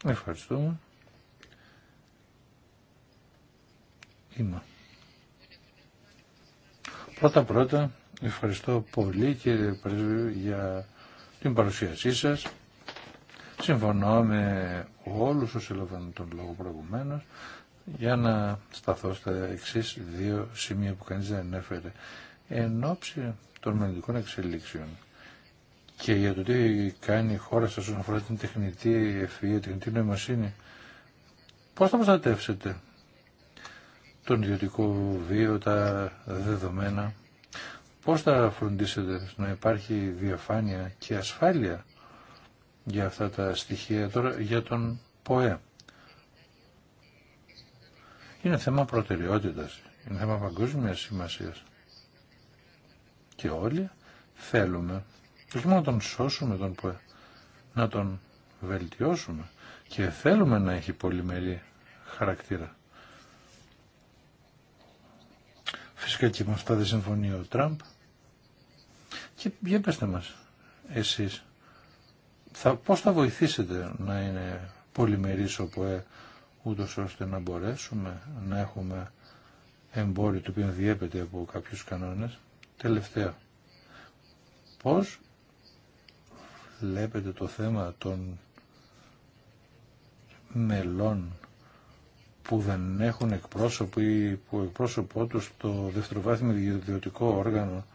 Ευχαριστούμε. Είμαι. Πρώτα πρώτα ευχαριστώ πολύ κύριε Πρέσβη για την παρουσίασή σας. Συμφωνώ με όλους όσοι έλαβαν τον λόγο προηγουμένως για να σταθώ στα εξή δύο σημεία που κανείς δεν ενέφερε. Εν ώψη των μελλοντικών εξελίξεων και για το τι κάνει η χώρα σας όσον αφορά την τεχνητή ευφυΐα, τεχνητή νοημοσύνη, πώς θα προστατεύσετε τον ιδιωτικό βίο, τα δεδομένα, πώς θα φροντίσετε να υπάρχει διαφάνεια και ασφάλεια για αυτά τα στοιχεία τώρα για τον ΠΟΕ. Είναι θέμα προτεραιότητας, είναι θέμα παγκόσμια σημασία. Και όλοι θέλουμε, όχι μόνο να τον σώσουμε τον ΠΟΕ, να τον βελτιώσουμε και θέλουμε να έχει πολυμερή χαρακτήρα. Φυσικά και με αυτά δεν συμφωνεί ο Τραμπ. Και για πέστε μας, εσείς, θα, πώς θα βοηθήσετε να είναι πολυμερής ο ΠΟΕ ούτως ώστε να μπορέσουμε να έχουμε εμπόριο το οποίο διέπεται από κάποιους κανόνες. Τελευταία, πώς βλέπετε το θέμα των μελών που δεν έχουν εκπρόσωπο ή που εκπρόσωπό τους το δευτεροβάθμιο ιδιωτικό όργανο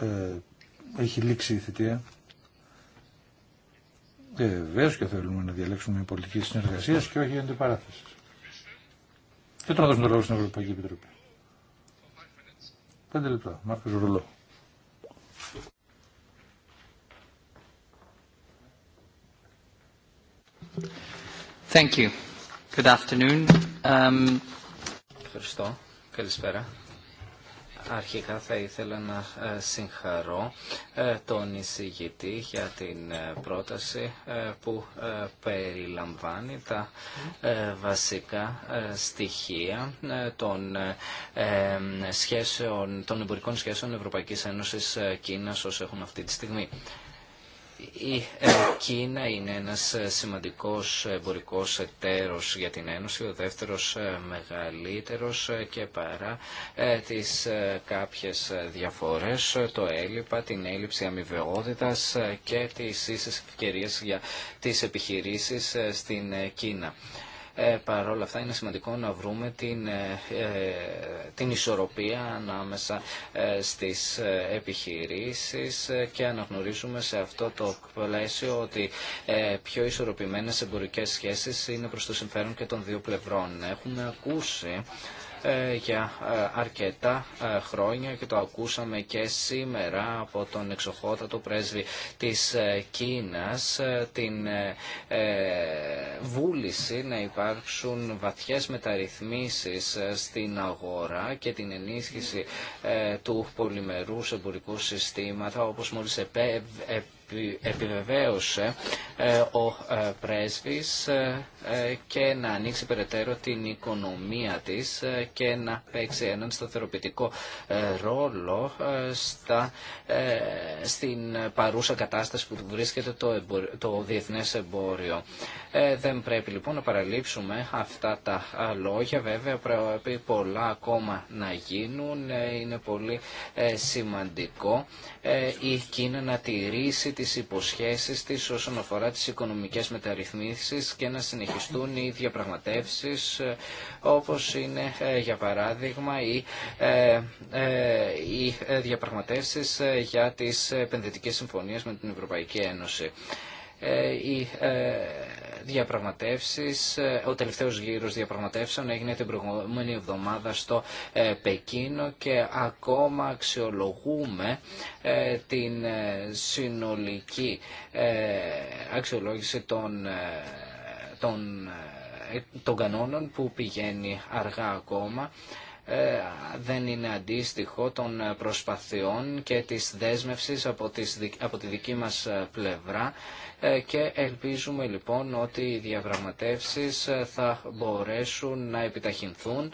ε, έχει λήξει η θητεία. Ε, Βεβαίω και θέλουμε να διαλέξουμε μια πολιτική συνεργασία και όχι αντιπαράθεση. Και τώρα δώσουμε το λόγο στην Ευρωπαϊκή Επιτροπή. Πέντε λεπτά. Μάρκο Ρουλό. Thank you. Good afternoon. Um... Ευχαριστώ. Καλησπέρα. Αρχικά θα ήθελα να ε, συγχαρώ ε, τον εισηγητή για την ε, πρόταση που περιλαμβάνει τα βασικά στοιχεία των σχέσεων, των εμπορικών σχέσεων Ευρωπαϊκής Ένωσης Κίνας όσο έχουν αυτή τη στιγμή. Η ε, Κίνα είναι ένας ε, σημαντικός εμπορικός εταίρος για την Ένωση, ο δεύτερος ε, μεγαλύτερος και παρά τις κάποιες διαφορές, το έλλειπα, την έλλειψη αμοιβαιότητας και τις ίσες ευκαιρίες για τις επιχειρήσεις στην Κίνα. Ε, Παρ' όλα αυτά είναι σημαντικό να βρούμε την, ε, ε, την ισορροπία ανάμεσα στις επιχειρήσεις και αναγνωρίζουμε σε αυτό το πλαίσιο ότι πιο ισορροπημένες εμπορικές σχέσεις είναι προς το συμφέρον και των δύο πλευρών. Έχουμε ακούσει ε, για ε, αρκετά ε, χρόνια και το ακούσαμε και σήμερα από τον εξοχότατο πρέσβη της Κίνας την βούληση να υπάρξουν βαθιές μεταρρυθμίσεις στην αγορά και την ενίσχυση του πολυμερούς εμπορικού συστήματα όπως μόλις επέ, επιβεβαίωσε ε, ο ε, πρέσβης ε, και να ανοίξει περαιτέρω την οικονομία της και να παίξει έναν σταθεροποιητικό ρόλο στα, στην παρούσα κατάσταση που βρίσκεται το, εμπορ... το διεθνές εμπόριο. Ε, δεν πρέπει λοιπόν να παραλείψουμε αυτά τα λόγια. Βέβαια πρέπει πολλά ακόμα να γίνουν. Ε, είναι πολύ ε, σημαντικό η Κίνα να τηρήσει τις υποσχέσεις της όσον αφορά τις οικονομικές μεταρρυθμίσεις και να συνεχιστούν οι διαπραγματεύσεις όπως είναι για παράδειγμα οι, οι διαπραγματεύσεις για τις επενδυτικές συμφωνίες με την Ευρωπαϊκή Ένωση. Η διαπραγματεύσεις, ε, ο τελευταίος γύρος διαπραγματεύσεων έγινε την προηγούμενη εβδομάδα στο ε, Πεκίνο και ακόμα αξιολογούμε ε, την συνολική αξιολόγηση των των κανόνων που πηγαίνει αργά ακόμα ε, δεν είναι αντίστοιχο των προσπαθειών και της δέσμευσης από τη δική μας ε, πλευρά ε, και ελπίζουμε λοιπόν ότι οι διαπραγματεύσεις θα μπορέσουν να επιταχυνθούν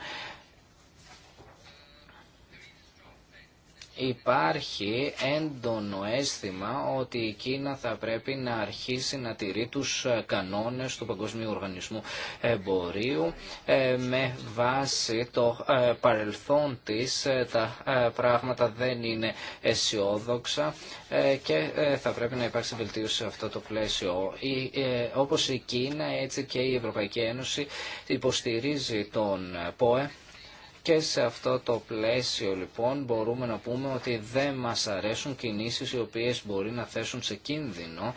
υπάρχει έντονο αίσθημα ότι η Κίνα θα πρέπει να αρχίσει να τηρεί τους ε, κανόνες του Παγκοσμίου Οργανισμού Εμπορίου ε, με βάση το ε, παρελθόν της τα πράγματα δεν είναι αισιόδοξα και θα πρέπει να υπάρξει βελτίωση σε αυτό το πλαίσιο. όπως η Κίνα έτσι και η Ευρωπαϊκή Ένωση υποστηρίζει τον ΠΟΕ και σε αυτό το πλαίσιο λοιπόν μπορούμε να πούμε ότι δεν μας αρέσουν κινήσεις οι οποίες μπορεί να θέσουν σε κίνδυνο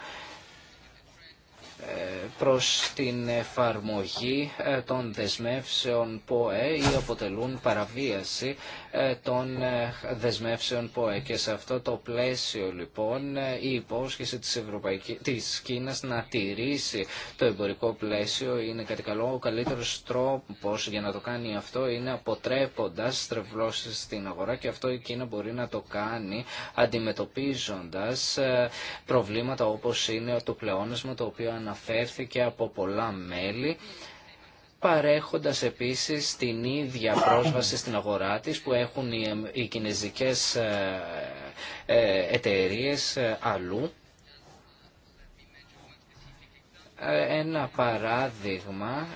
προς την εφαρμογή ε, των δεσμεύσεων ΠΟΕ ή αποτελούν παραβίαση ε, των ε, δεσμεύσεων ΠΟΕ. Και σε αυτό το πλαίσιο λοιπόν η υπόσχεση της, ευρωπαϊκή της Κίνας να τηρήσει το εμπορικό πλαίσιο είναι κάτι καλό. Ο καλύτερος τρόπος για να το κάνει αυτό είναι αποτρέποντας στρεβλώσεις στην αγορά και αυτό η Κίνα μπορεί να το κάνει αντιμετωπίζοντας προβλήματα όπως είναι το πλεόνασμα το οποίο αναφέρθηκε από πολλά μέλη παρέχοντας επίσης την ίδια πρόσβαση στην αγορά της που έχουν οι κινέζικες ε, ε, εταιρείες ε, αλλού. Ένα παράδειγμα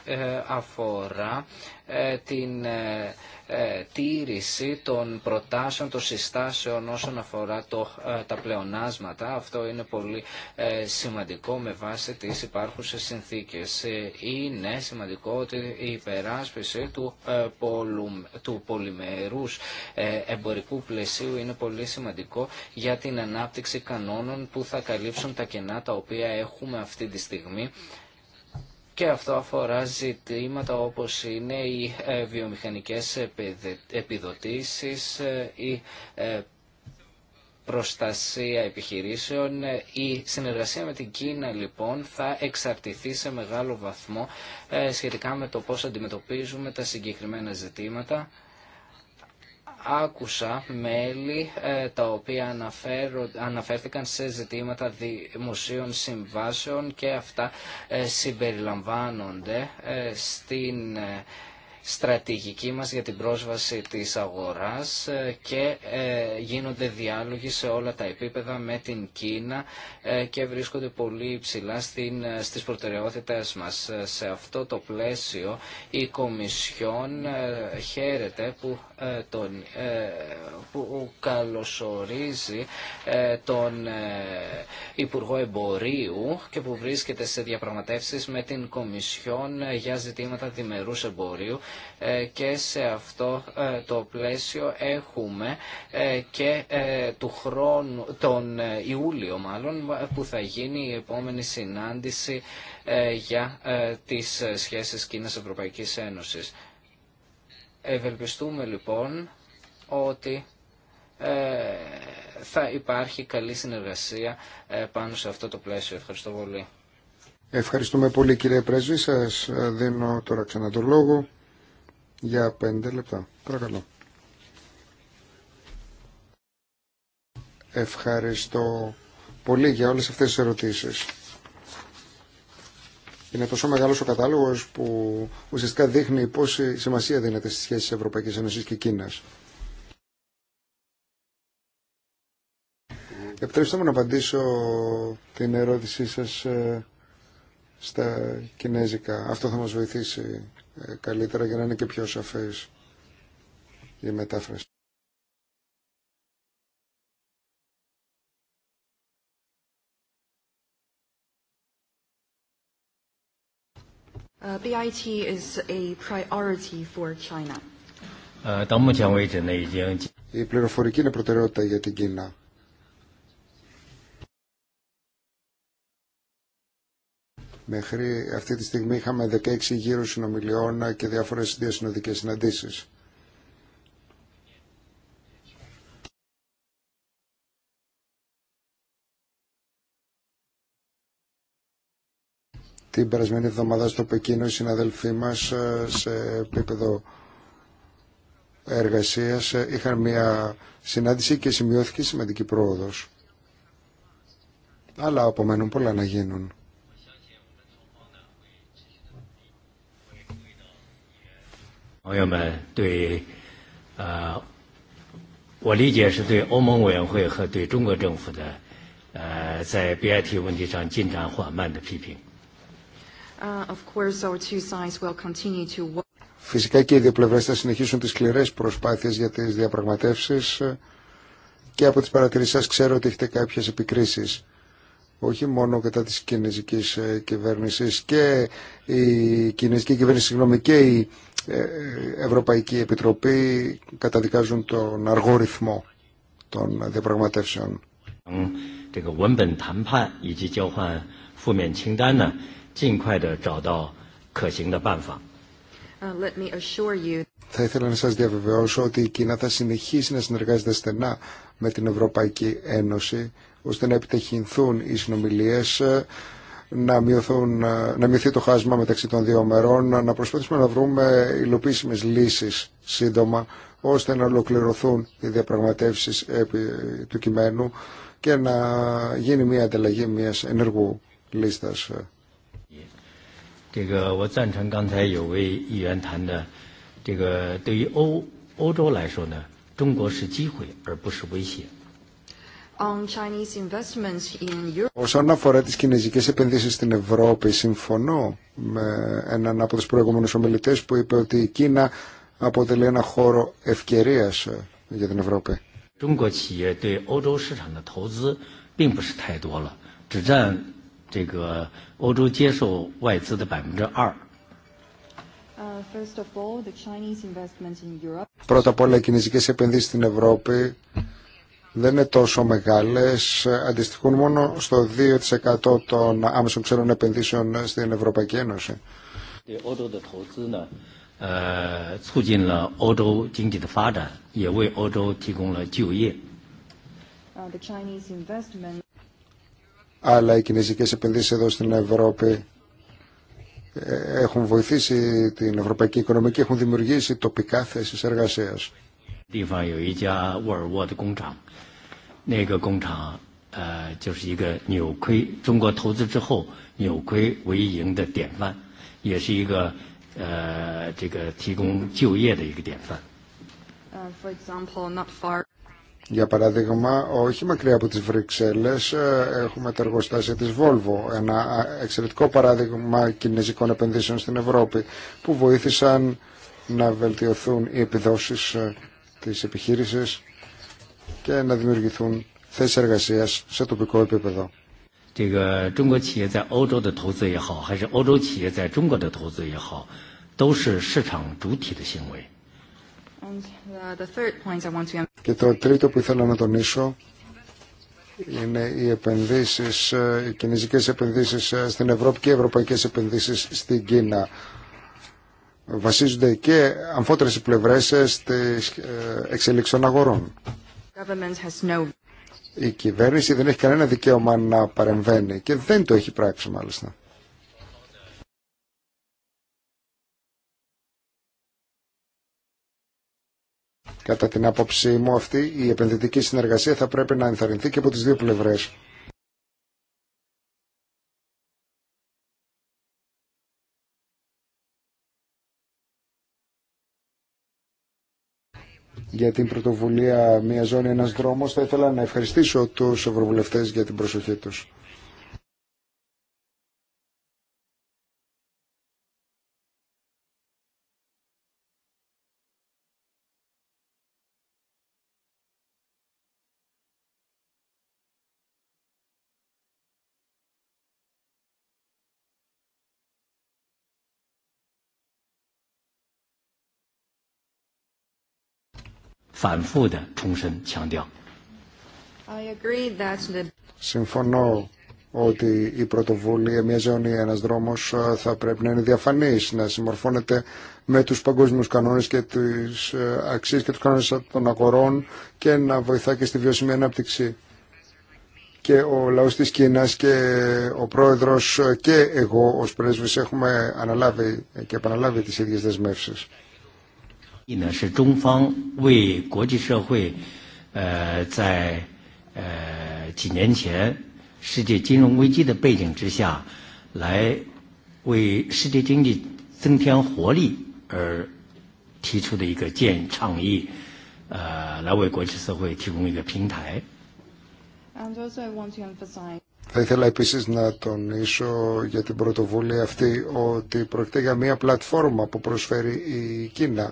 αφορά ε, την ε, ε, τήρηση των προτάσεων, των συστάσεων όσον αφορά το, τα πλεονάσματα. Αυτό είναι πολύ σημαντικό με βάση τις υπάρχουσες συνθήκες. Είναι σημαντικό ότι η υπεράσπιση του, του πολυμερούς εμπορικού πλαισίου είναι πολύ σημαντικό για την ανάπτυξη κανόνων που θα καλύψουν τα κενά τα οποία έχουμε αυτή τη στιγμή και αυτό αφορά ζητήματα όπως είναι οι ε, βιομηχανικές επιδοτήσεις, ε, η ε, προστασία επιχειρήσεων. Η συνεργασία με την Κίνα λοιπόν θα εξαρτηθεί σε μεγάλο βαθμό σχετικά με το πώς αντιμετωπίζουμε τα συγκεκριμένα ζητήματα άκουσα μέλη ε, τα οποία αναφέρω, αναφέρθηκαν σε ζητήματα δημοσίων συμβάσεων και αυτά ε, συμπεριλαμβάνονται ε, στην στρατηγική μας για την πρόσβαση της αγοράς ε, και ε, γίνονται διάλογοι σε όλα τα επίπεδα με την Κίνα ε, και βρίσκονται πολύ υψηλά στις προτεραιότητες μας. Σε αυτό το πλαίσιο η Κομισιόν χαίρεται που, τον, που καλωσορίζει τον Υπουργό Εμπορίου και που βρίσκεται σε διαπραγματεύσεις με την Κομισιόν για ζητήματα διμερούς εμπορίου ε, και σε αυτό ε, το πλαίσιο έχουμε ε, και του χρόνου, τον Ιούλιο μάλλον που θα γίνει η επόμενη συνάντηση για τις σχέσεις Κίνας-Ευρωπαϊκής Ένωσης. Ευελπιστούμε λοιπόν ότι θα υπάρχει καλή συνεργασία πάνω σε αυτό το πλαίσιο. Ευχαριστώ πολύ. Ευχαριστούμε πολύ κύριε Πρέσβη. Σας δίνω τώρα ξανά τον λόγο για πέντε λεπτά. Παρακαλώ. Ευχαριστώ πολύ για όλες αυτές τις ερωτήσεις. Είναι τόσο μεγάλος ο κατάλογος που ουσιαστικά δείχνει πόση σημασία δίνεται στις σχέσεις Ευρωπαϊκής Ένωσης και Κίνας. Επιτρέψτε μου να απαντήσω την ερώτησή σας ε, στα κινέζικα. Αυτό θα μας βοηθήσει ε, καλύτερα για να είναι και πιο σαφές η μετάφραση. Ε, ε, η πληροφορική είναι προτεραιότητα για την Κίνα. Μέχρι αυτή τη στιγμή είχαμε 16 γύρους συνομιλιών και διάφορες διασυνοδικές συναντήσεις. Την περασμένη εβδομάδα στο Πεκίνο οι συναδελφοί μας ε, σε επίπεδο εργασίας ε, είχαν μια συνάντηση και σημειώθηκε σημαντική πρόοδος. Αλλά απομένουν πολλά να γίνουν. Φυσικά και οι δύο πλευρέ θα συνεχίσουν τι σκληρέ προσπάθειε για τι διαπραγματεύσει ε, και από τι παρατηρήσεις σα ξέρω ότι έχετε κάποιε επικρίσεις όχι μόνο κατά τη κινέζικη ε, κυβέρνηση και η κινέζικη κυβέρνηση, συγγνώμη, και η ε, Ευρωπαϊκή Επιτροπή καταδικάζουν τον αργό ρυθμό των διαπραγματεύσεων. Uh, θα ήθελα να σας διαβεβαιώσω ότι η Κίνα θα συνεχίσει να συνεργάζεται στενά με την Ευρωπαϊκή Ένωση ώστε να επιτεχυνθούν οι συνομιλίες ε, να, μειωθούν, να μειωθεί το χάσμα μεταξύ των δύο μερών, να προσπαθήσουμε να βρούμε υλοποιήσιμες λύσεις σύντομα, ώστε να ολοκληρωθούν οι διαπραγματεύσεις επί του κειμένου και να γίνει μια ανταλλαγή μιας ενεργού λίστας. Όσον αφορά τις κινέζικες επενδύσεις στην Ευρώπη, συμφωνώ με έναν από τους προηγούμενους ομιλητές που είπε ότι η Κίνα αποτελεί ένα χώρο ευκαιρίας ε, για την Ευρώπη. Πρώτα απ' όλα, οι κινέζικες επενδύσεις στην Ευρώπη δεν είναι τόσο μεγάλες, αντιστοιχούν μόνο στο 2% των άμεσων ξένων επενδύσεων στην Ευρωπαϊκή Ένωση. Äh, uh, Αλλά οι κινέζικες επενδύσεις εδώ στην Ευρώπη ε, έχουν βοηθήσει την ευρωπαϊκή οικονομία και έχουν δημιουργήσει τοπικά θέσεις εργασίας example, not Για παράδειγμα, όχι μακριά από τις Βρυξέλλες ε, έχουμε τα εργοστάσια της Volvo, ένα ε, εξαιρετικό παράδειγμα κινέζικων επενδύσεων στην Ευρώπη, που βοήθησαν να βελτιωθούν οι επιδόσεις ε, της επιχείρησης και να δημιουργηθούν θέσεις εργασίας σε τοπικό επίπεδο. Uh, και το τρίτο που ήθελα να τονίσω είναι οι επενδύσεις, ε, οι κινέζικες επενδύσεις ε, στην Ευρώπη και οι ευρωπαϊκές επενδύσεις στην Κίνα. Βασίζονται και αμφότερες οι πλευρές ε, στις των αγορών. Η κυβέρνηση δεν έχει κανένα δικαίωμα να παρεμβαίνει και δεν το έχει πράξει μάλιστα. Κατά την άποψή μου αυτή η επενδυτική συνεργασία θα πρέπει να ενθαρρυνθεί και από τις δύο πλευρές. για την πρωτοβουλία «Μια ζώνη, ένα δρόμο, Θα ήθελα να ευχαριστήσω τους ευρωβουλευτέ για την προσοχή τους. Συμφωνώ ότι η πρωτοβουλία μια ζώνη ένας δρόμος ε, θα πρέπει να είναι διαφανής, να συμμορφώνεται με τους παγκόσμιους κανόνες και τις ε, αξίες και τους κανόνες των αγορών και να βοηθά και στη βιώσιμη ανάπτυξη. Και ο λαός της Κίνας και ο πρόεδρος και εγώ ως πρέσβης έχουμε αναλάβει και επαναλάβει τις ίδιες δεσμεύσεις. 呢是中方为国际社会，呃，在呃几年前世界金融危机的背景之下，来为世界经济增添活力而提出的一个建议倡议，呃，来为国际社会提供一个平台。And also I want to emphasize. Θα ήθελα επίση να τονίσω για την πρωτοβουλία αυτή ότι πρόκειται για μια πλατφόρμα που προσφέρει η Κίνα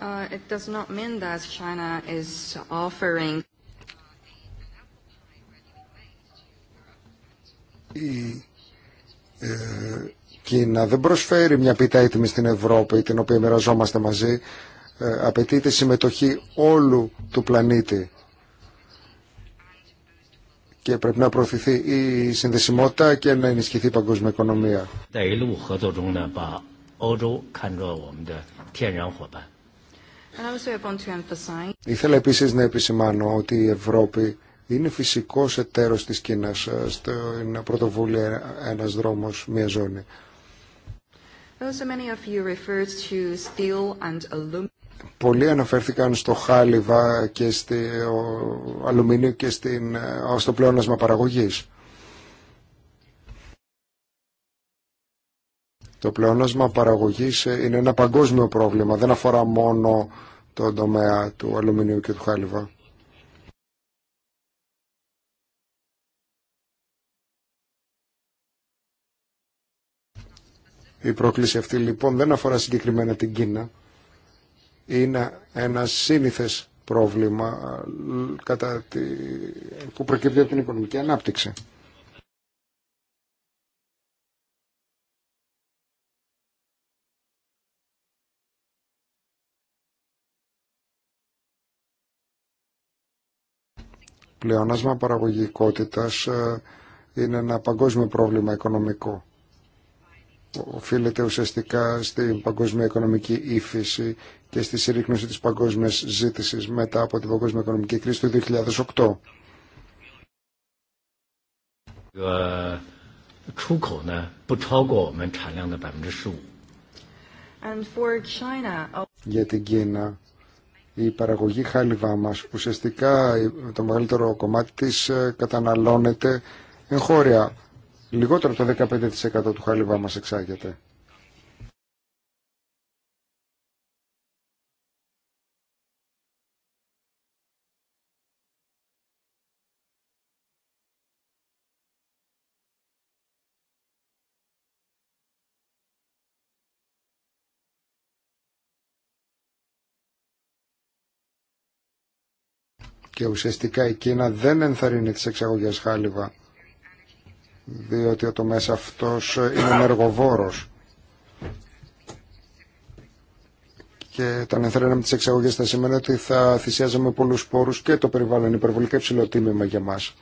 Uh, it does not mean that China is offering. Η ε, Κίνα δεν προσφέρει μια πίτα έτοιμη στην Ευρώπη, την οποία μοιραζόμαστε μαζί. Ε, απαιτείται συμμετοχή όλου του πλανήτη και πρέπει να προωθηθεί η συνδεσιμότητα και να ενισχυθεί η παγκόσμια οικονομία. Ήθελα επίσης να επισημάνω ότι η Ευρώπη είναι φυσικός εταίρος της Κίνας ε, στην πρωτοβούλια ένας δρόμος, μια ζώνη. Πολλοί αναφέρθηκαν στο χάλιβα και στο αλουμίνιο και στο ε, πλεόνασμα παραγωγής. Το πλεόνασμα παραγωγής ε, είναι ένα παγκόσμιο πρόβλημα, δεν αφορά μόνο τον τομέα του αλουμινίου και του χάλιβα. Η πρόκληση αυτή λοιπόν δεν αφορά συγκεκριμένα την Κίνα. Είναι ένα σύνηθες πρόβλημα ε, κατά τη... που προκύπτει από την οικονομική ανάπτυξη. πλεονάσμα παραγωγικότητας είναι ένα παγκόσμιο πρόβλημα οικονομικό. Οφείλεται ουσιαστικά στην παγκόσμια οικονομική ύφεση και στη συρρήκνωση της παγκόσμιας ζήτησης μετά από την παγκόσμια οικονομική κρίση του 2008. Για την Κίνα, η παραγωγή χάλιβά μας. Ουσιαστικά το μεγαλύτερο κομμάτι της ε, καταναλώνεται εγχώρια. Λιγότερο από το 15% του χάλιβά μας εξάγεται. και ουσιαστικά η Κίνα δεν ενθαρρύνει τις εξαγωγές χάλιβα διότι ο τομέας αυτός είναι ενεργοβόρος και τα ενθαρρύναμε τις εξαγωγές θα σημαίνει ότι θα θυσιάζαμε πολλούς σπόρους και το περιβάλλον είναι υπερβολικά υψηλό τίμημα για μας.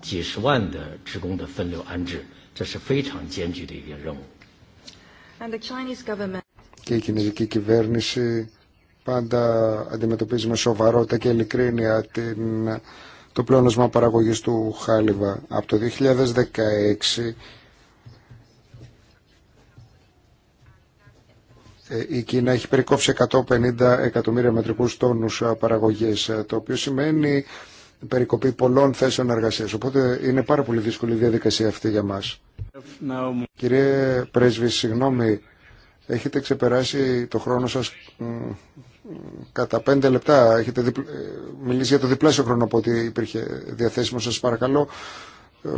几十万的职工的分流安置，这是非常艰巨的一个任务。And και η κινέζικη κυβέρνηση πάντα αντιμετωπίζει με σοβαρότητα και ειλικρίνεια την, το πλεόνασμα παραγωγής του Χάλιβα. Από το 2016 ε, η Κίνα έχει περικόψει 150 εκατομμύρια μετρικούς τόνους ε, παραγωγής, ε, το οποίο σημαίνει περικοπή πολλών θέσεων εργασίας. Οπότε είναι πάρα πολύ δύσκολη η διαδικασία αυτή για μας. Κύριε Πρέσβη, συγγνώμη, έχετε ξεπεράσει το χρόνο σας κατά πέντε λεπτά. Έχετε ε, μιλήσει για το διπλάσιο χρόνο από ό,τι υπήρχε διαθέσιμο. Σας παρακαλώ ε,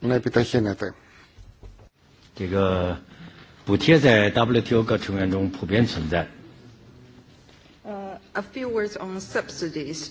να επιταχύνετε. Uh, a few words on subsidies.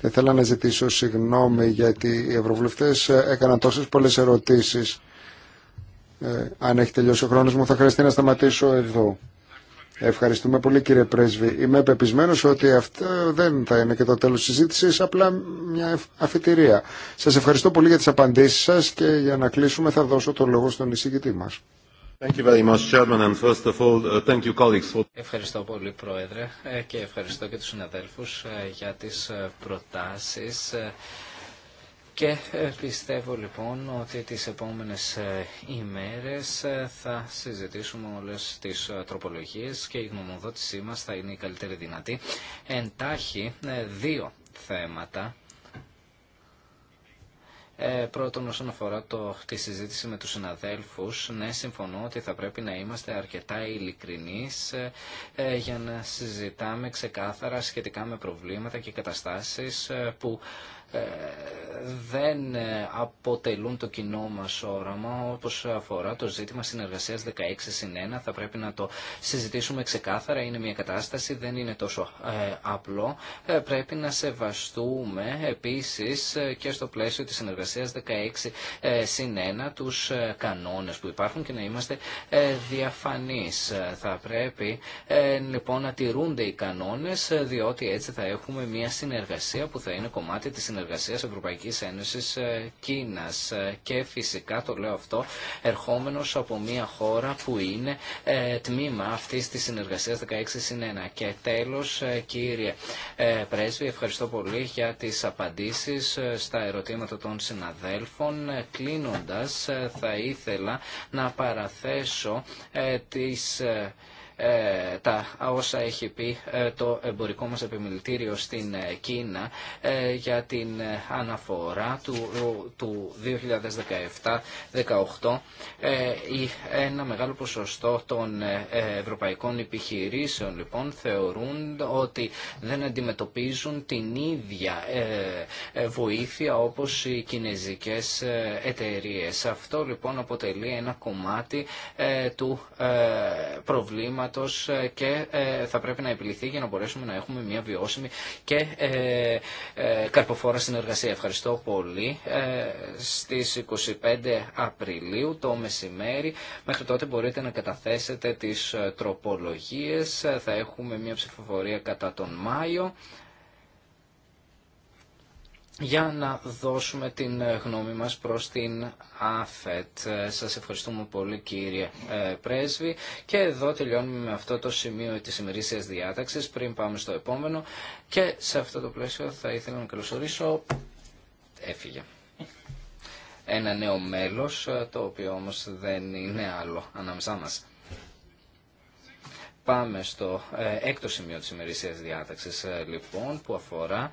Θα ήθελα να ζητήσω συγγνώμη γιατί οι ευρωβουλευτές ε, έκαναν τόσες πολλές ερωτήσεις. Ε, αν έχει τελειώσει ο χρόνος μου θα χρειαστεί να σταματήσω εδώ. Ευχαριστούμε πολύ κύριε Πρέσβη. Είμαι πεπισμένο ότι αυτό δεν θα είναι και το τέλος της συζήτησης, απλά μια αφιτηρία. Σας ευχαριστώ πολύ για τις απαντήσεις σας και για να κλείσουμε θα δώσω το λόγο στον εισηγητή μας. Ευχαριστώ πολύ, Πρόεδρε, ε, και ευχαριστώ και τους συναδέλφους ε, για τις ε, προτάσεις. Και πιστεύω λοιπόν ότι τις επόμενες ημέρες θα συζητήσουμε όλες τις τροπολογίες και η γνωμοδότησή μας θα είναι η καλύτερη δυνατή. Εντάχει δύο θέματα ε, πρώτον, όσον αφορά το, τη συζήτηση με τους συναδέλφους, ναι, συμφωνώ ότι θα πρέπει να είμαστε αρκετά ειλικρινείς ε, ε, για να συζητάμε ξεκάθαρα σχετικά με προβλήματα και καταστάσεις ε, που ε, δεν ε, αποτελούν το κοινό μας όραμα όπως αφορά το ζήτημα συνεργασίας 16 συν 1. Θα πρέπει να το συζητήσουμε ξεκάθαρα. Είναι μια κατάσταση, δεν είναι τόσο ε, απλό. πρέπει να σεβαστούμε επίσης και στο πλαίσιο της συνεργασίας 16 ε, 1 τους κανόνες που υπάρχουν και να είμαστε διαφανείς. Θα πρέπει λοιπόν να τηρούνται οι κανόνες διότι έτσι θα έχουμε μια συνεργασία που θα είναι κομμάτι της συνεργασίας συνεργασίας Ευρωπαϊκής Ένωσης ε, Κίνας ε, και φυσικά το λέω αυτό ερχόμενος από μια χώρα που είναι ε, τμήμα αυτής της συνεργασίας 16 1. Και τέλος κύριε Πρέσβη ευχαριστώ πολύ για τις απαντήσεις στα ερωτήματα των συναδέλφων. Κλείνοντας θα ήθελα να παραθέσω τις ε, τα όσα έχει πει ε, το εμπορικό μας επιμελητήριο στην ε, Κίνα για την αναφορά του, του 2017-18 ή ένα μεγάλο ποσοστό των ευρωπαϊκών επιχειρήσεων λοιπόν θεωρούν ότι δεν αντιμετωπίζουν την ίδια βοήθεια όπως οι κινέζικες εταιρείες. Αυτό λοιπόν αποτελεί ένα κομμάτι του προβλήματος ε, και ε, θα πρέπει να επιληθεί για να μπορέσουμε να έχουμε μια βιώσιμη και ε, καρποφόρα συνεργασία. Ευχαριστώ πολύ. Στις 25 Απριλίου το μεσημέρι μέχρι τότε μπορείτε να καταθέσετε τις τροπολογίες. Θα έχουμε μια ψηφοφορία κατά τον Μάιο για να δώσουμε την ε, γνώμη μας προς την ΑΦΕΤ. Ε, σας ευχαριστούμε πολύ κύριε ε, Πρέσβη και εδώ τελειώνουμε με αυτό το σημείο της ημερήσιας διάταξης πριν πάμε στο επόμενο και σε αυτό το πλαίσιο θα ήθελα να καλωσορίσω έφυγε ένα νέο μέλος το οποίο όμως δεν είναι άλλο ανάμεσά μας. Πάμε στο έκτο σημείο της ημερήσιας διάταξης λοιπόν που αφορά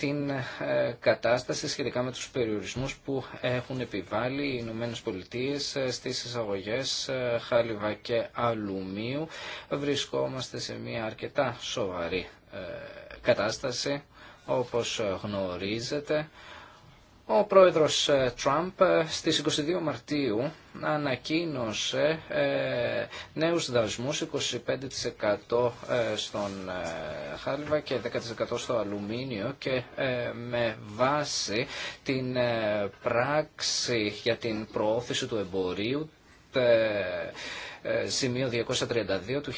την ε, κατάσταση σχετικά με τους περιορισμούς που έχουν επιβάλει οι Ηνωμένε Πολιτείε ε, στις εισαγωγές ε, χάλιβα και αλουμίου. Βρισκόμαστε σε μια αρκετά σοβαρή κατάσταση όπως γνωρίζετε. Ο πρόεδρος ε, Τραμπ ε, στις 22 Μαρτίου ανακοίνωσε ε, νέους δασμούς 25% στον χάλιβα και 10% στο αλουμίνιο και με βάση την πράξη για την προώθηση του εμπορίου σημείο 232 του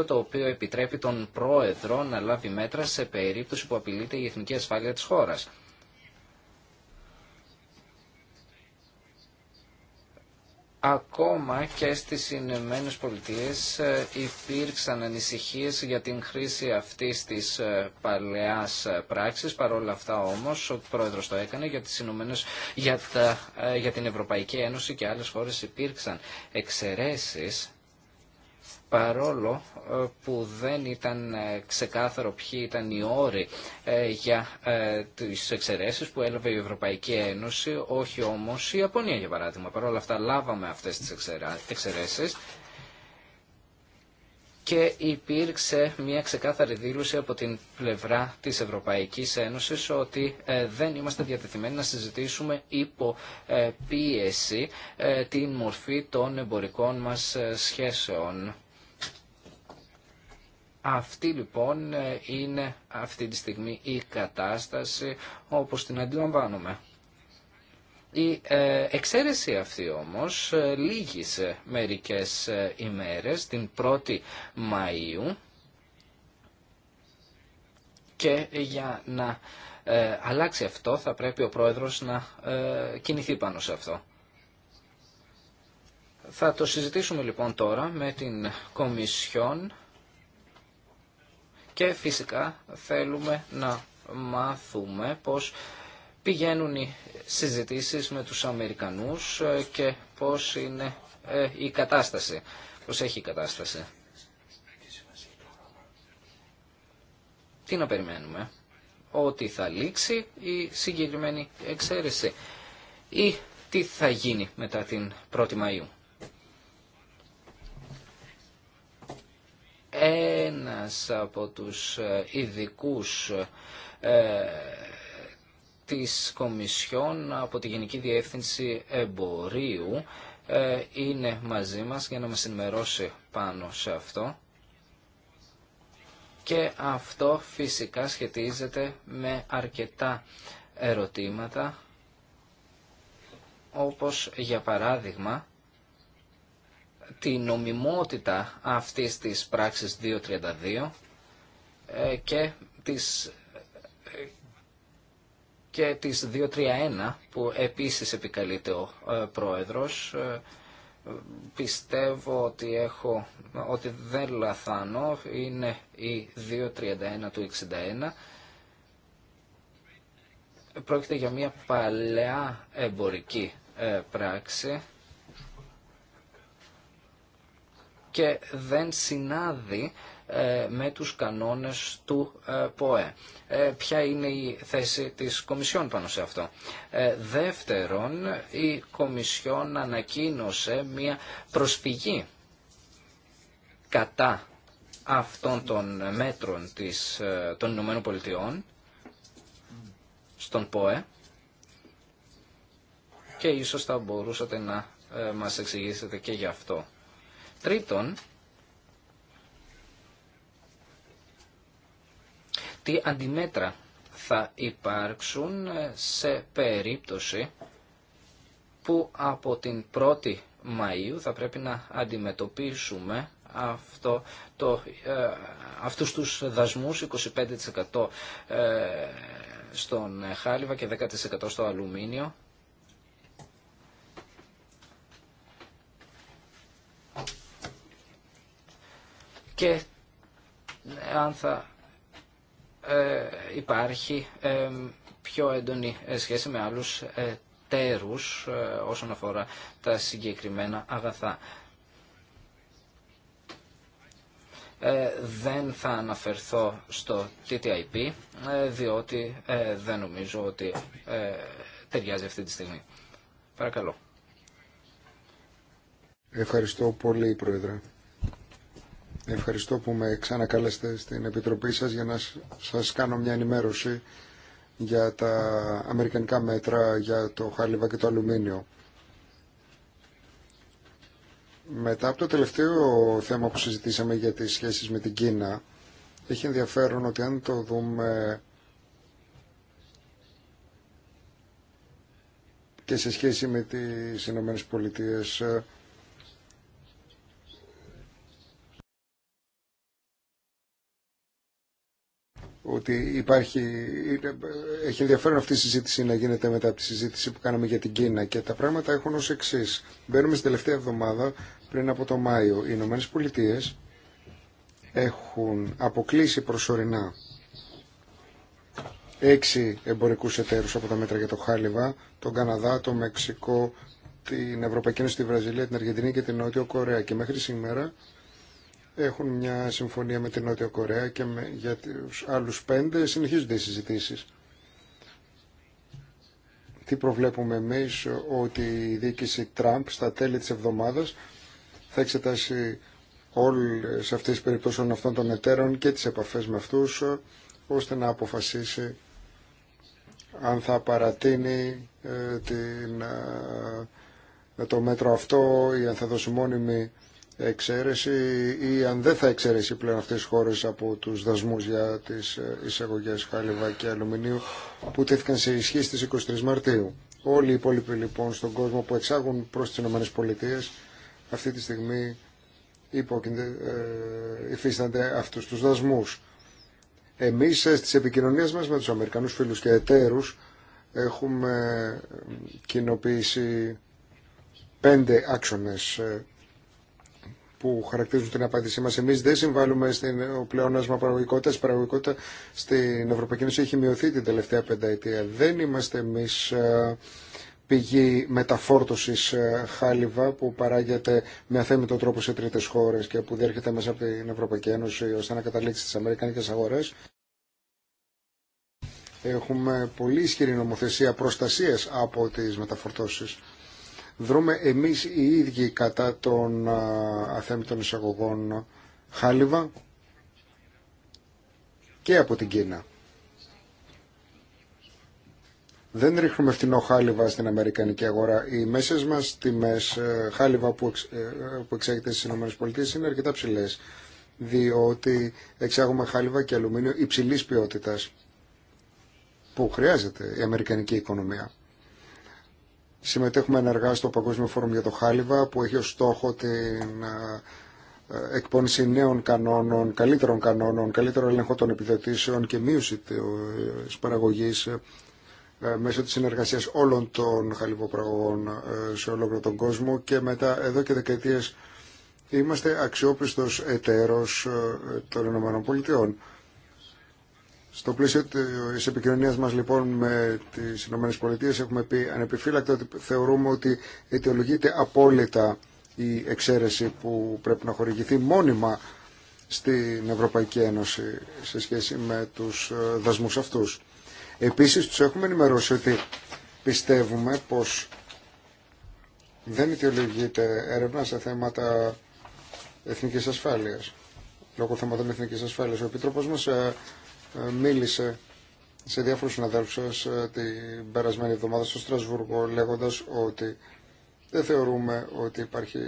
1962, το οποίο επιτρέπει τον πρόεδρο να λάβει μέτρα σε περίπτωση που απειλείται η εθνική ασφάλεια της χώρας. Ακόμα και στις Ηνωμένε Πολιτείε ε, υπήρξαν ανησυχίες για την χρήση αυτής της ε, παλαιάς ε, πράξης. Παρόλα αυτά όμως ο πρόεδρος το έκανε για, τις Ηνωμένες, για, για την Ευρωπαϊκή Ένωση και άλλες χώρες υπήρξαν εξαιρέσεις παρόλο ε, που δεν ήταν ε, ξεκάθαρο ποιοι ήταν οι όροι ε, για τις εξαιρέσεις που έλαβε η Ευρωπαϊκή Ένωση, όχι όμως η Ιαπωνία για παράδειγμα. Παρόλα αυτά λάβαμε αυτές τις εξαιρέσεις και υπήρξε μια ξεκάθαρη δήλωση από την πλευρά της Ευρωπαϊκής Ένωσης ότι δεν είμαστε διατεθειμένοι να συζητήσουμε υπό πίεση την μορφή των εμπορικών μας σχέσεων. Αυτή λοιπόν ε, είναι αυτή τη στιγμή η κατάσταση όπως την αντιλαμβάνουμε. Η ε, εξαίρεση αυτή όμως ε, λήγησε μερικές ημέρες την 1η Μαΐου και για να αλλάξει αυτό θα πρέπει ο πρόεδρος να κινηθεί πάνω σε αυτό. Θα το συζητήσουμε λοιπόν τώρα με την Κομισιόν και φυσικά θέλουμε να μάθουμε πώς πηγαίνουν οι συζητήσεις με τους Αμερικανούς ε, και πώς είναι ε, η κατάσταση, πώς έχει η κατάσταση. Τι να περιμένουμε, ότι θα λήξει η συγκεκριμένη εξαίρεση ή τι θα γίνει μετά την 1η Μαΐου. Ε, ένας από τους ε, ειδικού ε, της Κομισιόν από τη Γενική Διεύθυνση Εμπορίου ε, είναι μαζί μας για να μας ενημερώσει πάνω σε αυτό. Και αυτό φυσικά σχετίζεται με αρκετά ερωτήματα, όπως για παράδειγμα την νομιμότητα αυτής της πράξης 232 ε, και της, ε, και της 231 που επίσης επικαλείται ο ε, πρόεδρος. Πιστεύω ότι, έχω, ότι δεν λαθάνω, είναι η 231 του 61 Πρόκειται για μια παλαιά εμπορική πράξη και δεν συνάδει ε, με τους κανόνες του ε, ΠΟΕ. Ε, ποια είναι η θέση της Κομισιόν πάνω σε αυτό. Δεύτερον, η Κομισιόν ανακοίνωσε μία προσφυγή κατά αυτών των μέτρων της, των Ηνωμένων Πολιτειών στον ΠΟΕ και ίσως θα μπορούσατε να μας εξηγήσετε και γι' αυτό. Τρίτον, τι αντιμέτρα θα υπάρξουν σε περίπτωση που από την 1η Μαΐου θα πρέπει να αντιμετωπίσουμε αυτό το, ε, αυτούς τους δασμούς 25% ε, στον χάλιβα και 10% στο αλουμίνιο και αν θα ε, υπάρχει ε, πιο έντονη ε, σχέση με άλλους τέρους όσον αφορά τα συγκεκριμένα αγαθά. δεν θα αναφερθώ στο TTIP διότι δεν νομίζω ότι ταιριάζει αυτή τη στιγμή. Παρακαλώ. Ευχαριστώ πολύ, Πρόεδρε. Ευχαριστώ που με ξανακαλέσετε στην Επιτροπή σας για να σας κάνω μια ενημέρωση για τα αμερικανικά μέτρα για το χάλιβα και το αλουμίνιο. Μετά από το τελευταίο θέμα που συζητήσαμε για τις σχέσεις με την Κίνα, έχει ενδιαφέρον ότι αν το δούμε και σε σχέση με τις Ηνωμένες Πολιτείες, ότι υπάρχει, έχει ενδιαφέρον αυτή η συζήτηση να γίνεται μετά από τη συζήτηση που κάναμε για την Κίνα και τα πράγματα έχουν ως εξή. Μπαίνουμε στην τελευταία εβδομάδα πριν από το Μάιο. Οι Ηνωμένε Πολιτείε έχουν αποκλείσει προσωρινά έξι εμπορικούς εταίρους από τα μέτρα για το Χάλιβα, τον Καναδά, το Μεξικό, την Ευρωπαϊκή Ένωση, τη Βραζιλία, την Αργεντινή και την Νότιο Κορέα. Και μέχρι σήμερα έχουν μια συμφωνία με την Νότια Κορέα και με, για τους άλλους πέντε συνεχίζονται οι συζητήσεις. Τι προβλέπουμε εμείς ότι η διοίκηση Τραμπ στα τέλη της εβδομάδας θα εξετάσει όλες αυτές τις περιπτώσεις αυτών των εταίρων και τις επαφές με αυτούς ώστε να αποφασίσει αν θα παρατείνει ε, την, ε, το μέτρο αυτό ή αν θα δώσει μόνιμη εξαίρεση ή αν δεν θα εξαιρέσει πλέον αυτές τις χώρες από τους δασμούς για τις ε, εισαγωγές χάλιβα και αλουμινίου που τέθηκαν σε ισχύ στις 23 Μαρτίου. Όλοι οι υπόλοιποι λοιπόν στον κόσμο που εξάγουν προς τις ΗΠΑ αυτή τη στιγμή ε, υφίστανται αυτούς τους δασμούς. Εμείς ε, στις επικοινωνίες μας με τους Αμερικανούς φίλους και εταίρους έχουμε κοινοποιήσει πέντε άξονες που χαρακτηρίζουν την απάντησή μα. Εμεί δεν συμβάλλουμε στην πλεόνασμα παραγωγικότητα. Η παραγωγικότητα στην Ευρωπαϊκή Ένωση έχει μειωθεί την τελευταία πενταετία. Δεν είμαστε εμεί ε, πηγή μεταφόρτωσης ε, χάλιβα που παράγεται με αθέμητο τρόπο σε τρίτες χώρε και που διέρχεται μέσα από την Ευρωπαϊκή Ένωση ώστε να καταλήξει στι Αμερικανικέ αγορέ. Έχουμε πολύ ισχυρή νομοθεσία προστασίας από τις μεταφορτώσεις δρούμε εμείς οι ίδιοι κατά των αθέμητων εισαγωγών χάλιβα και από την Κίνα. Δεν ρίχνουμε φθηνό χάλιβα στην Αμερικανική αγορά. Οι μέσες μας τιμές ε, χάλιβα που, εξ, ε, που εξάγεται στις ΗΠΑ είναι αρκετά ψηλές, διότι εξάγουμε χάλιβα και αλουμίνιο υψηλής ποιότητας που χρειάζεται η Αμερικανική οικονομία. Συμμετέχουμε ενεργά στο Παγκόσμιο Φόρουμ για το Χάλιβα που έχει ως στόχο την ε, εκπόνηση νέων κανόνων, καλύτερων κανόνων, καλύτερο έλεγχο των επιδοτήσεων και μείωση της παραγωγής ε, μέσω της συνεργασίας όλων των χαλιβοπραγωγών ε, σε όλο τον κόσμο και μετά εδώ και δεκαετίες είμαστε αξιόπιστος εταίρος των ΗΠΑ. Στο πλαίσιο τη επικοινωνία μα λοιπόν με τι ΗΠΑ έχουμε πει ανεπιφύλακτα ότι θεωρούμε ότι αιτιολογείται απόλυτα η εξαίρεση που πρέπει να χορηγηθεί μόνιμα στην Ευρωπαϊκή Ένωση σε σχέση με τους ε, δασμούς αυτούς. Επίσης τους έχουμε ενημερώσει ότι πιστεύουμε πως δεν αιτιολογείται έρευνα σε θέματα εθνικής ασφάλειας, λόγω θέματων εθνικής ασφάλειας. Ο Επίτροπος μας ε, ε, μίλησε σε διάφορους συναδέλφους ε, την περασμένη εβδομάδα στο Στρασβούργο λέγοντας ότι δεν θεωρούμε ότι υπάρχει ε,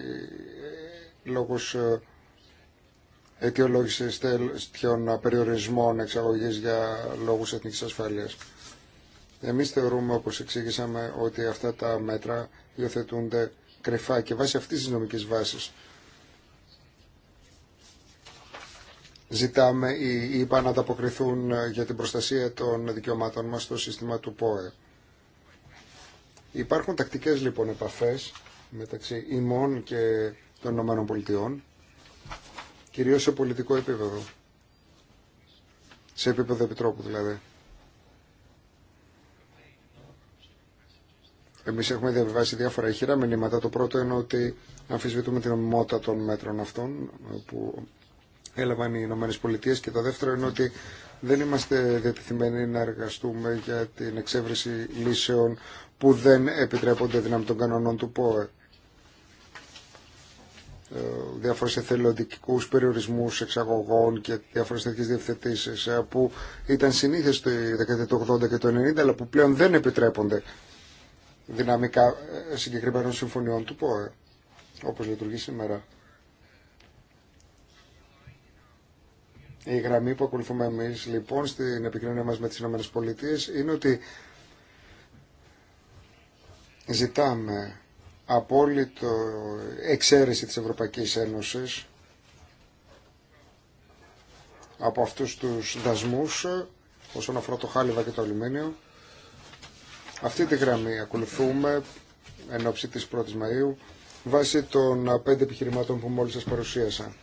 λόγος αιτιολόγησης τέτοιων περιορισμών εξαγωγής για λόγους εθνικής ασφάλειας. Εμείς θεωρούμε, όπως εξήγησαμε, ότι αυτά τα μέτρα υιοθετούνται κρυφά και βάσει αυτής της νομικής βάσης ζητάμε ή ΙΠΑ να ανταποκριθούν ε, για την προστασία των δικαιωμάτων μας στο σύστημα του ΠΟΕ. Υπάρχουν τακτικές λοιπόν επαφές μεταξύ ημών και των Πολιτειών, κυρίως σε πολιτικό επίπεδο, σε επίπεδο επιτρόπου δηλαδή. Εμεί έχουμε διαβιβάσει διάφορα ηχηρά μηνύματα. Το πρώτο είναι ότι αμφισβητούμε την ομιμότητα των μέτρων αυτών που έλαβαν οι Ηνωμένε Πολιτείε και το δεύτερο είναι ότι δεν είμαστε διατεθειμένοι να εργαστούμε για την εξέβρεση λύσεων που δεν επιτρέπονται δυνάμει των κανόνων του ΠΟΕ. Ε, διάφορες εθελοντικού περιορισμούς εξαγωγών και διάφορες τέτοιε διευθετήσει ε, που ήταν συνήθες το 1980 και το 1990 αλλά που πλέον δεν επιτρέπονται δυναμικά ε, συγκεκριμένων συμφωνιών του ΠΟΕ όπως λειτουργεί σήμερα. Η γραμμή που ακολουθούμε εμείς λοιπόν στην επικοινωνία μας με τις ΗΠΑ είναι ότι ζητάμε απόλυτο εξαίρεση της Ευρωπαϊκής Ένωσης από αυτούς τους δασμούς όσον αφορά το χάλιβα και το αλουμίνιο. Αυτή τη γραμμή ακολουθούμε εν ώψη της 1ης Μαΐου βάσει των πέντε επιχειρημάτων που μόλις σας παρουσίασα.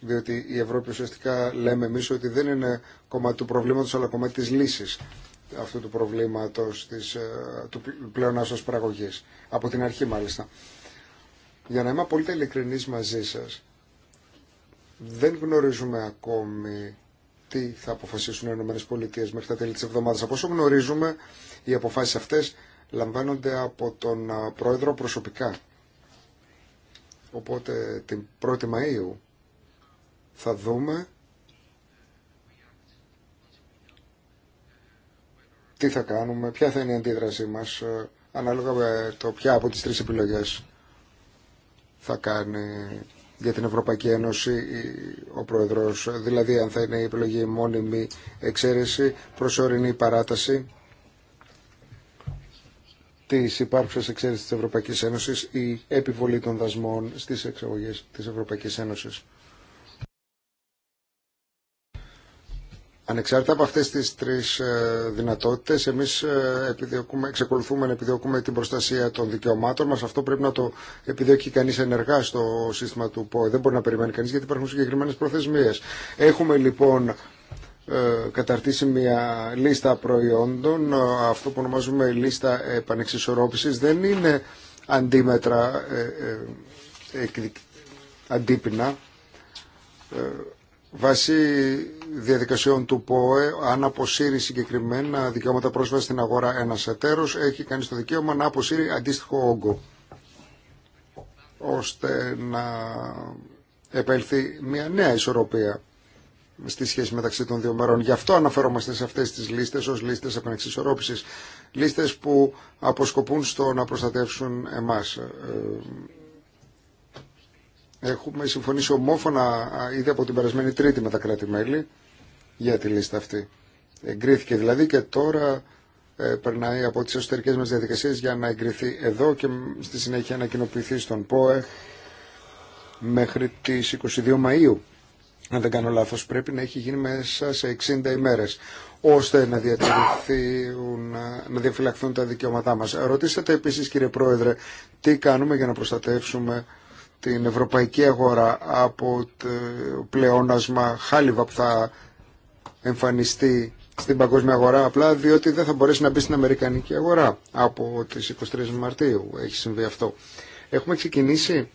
Διότι η Ευρώπη ουσιαστικά λέμε εμεί ότι δεν είναι κομμάτι του προβλήματος αλλά κομμάτι της λύσης αυτού του προβλήματος της, ε, του πλεονάσεως παραγωγής. Από την αρχή μάλιστα. Για να είμαι απόλυτα ειλικρινής μαζί σας, δεν γνωρίζουμε ακόμη τι θα αποφασίσουν οι ΗΠΑ μέχρι τα τέλη της εβδομάδας. Από όσο γνωρίζουμε, οι αποφάσεις αυτές λαμβάνονται από τον ε, Πρόεδρο προσωπικά. Οπότε την 1η Μαΐου θα δούμε τι θα κάνουμε, ποια θα είναι η αντίδρασή μας ε, ανάλογα με το ποια από τις τρεις επιλογές θα κάνει για την Ευρωπαϊκή Ένωση ο Πρόεδρος. Δηλαδή αν θα είναι η επιλογή μόνιμη εξαίρεση, προσωρινή παράταση της υπάρχουσας εξαίρεσης της Ευρωπαϊκής Ένωσης ή επιβολή των δασμών στις εξαγωγές της Ευρωπαϊκής Ένωσης. Ανεξάρτητα από αυτές τις τρεις ε, δυνατότητες, εμείς ε, εξακολουθούμε να επιδιώκουμε την προστασία των δικαιωμάτων μα Αυτό πρέπει να το επιδιώκει κανείς ενεργά στο σύστημα του ΠΟΕ. Δεν μπορεί να περιμένει κανείς γιατί υπάρχουν συγκεκριμένες προθεσμίες. Έχουμε λοιπόν ε, καταρτήσει μια λίστα προϊόντων. Αυτό που ονομάζουμε λίστα επανεξισορρόπησης δεν είναι αντίμετρα, αντίπεινα. Βασί διαδικασιών του ΠΟΕ, αν αποσύρει συγκεκριμένα δικαιώματα πρόσβαση στην αγορά ένας εταίρος, έχει κάνει το δικαίωμα να αποσύρει αντίστοιχο όγκο, ώστε να επέλθει μια νέα ισορροπία στη σχέση μεταξύ των δύο μερών. Γι' αυτό αναφερόμαστε σε αυτές τις λίστες ως λίστες επανεξισορρόπησης. Λίστες που αποσκοπούν στο να προστατεύσουν εμάς ε, Έχουμε συμφωνήσει ομόφωνα ήδη από την περασμένη Τρίτη με τα κράτη-μέλη για τη λίστα αυτή. Εγκρίθηκε δηλαδή και τώρα ε, περνάει από τις εσωτερικέ μας διαδικασίες για να εγκριθεί εδώ και στη συνέχεια να κοινοποιηθεί στον ΠΟΕ μέχρι τις 22 Μαΐου. Αν δεν κάνω λάθο πρέπει να έχει γίνει μέσα σε 60 ημέρε, ώστε να, να διαφυλαχθούν τα δικαιώματά μα. Ρωτήσατε επίση, κύριε Πρόεδρε τι κάνουμε για να προστατεύσουμε την ευρωπαϊκή αγορά από το πλεόνασμα χάλιβα που θα εμφανιστεί στην παγκόσμια αγορά απλά διότι δεν θα μπορέσει να μπει στην αμερικανική αγορά από τις 23 Μαρτίου έχει συμβεί αυτό. Έχουμε ξεκινήσει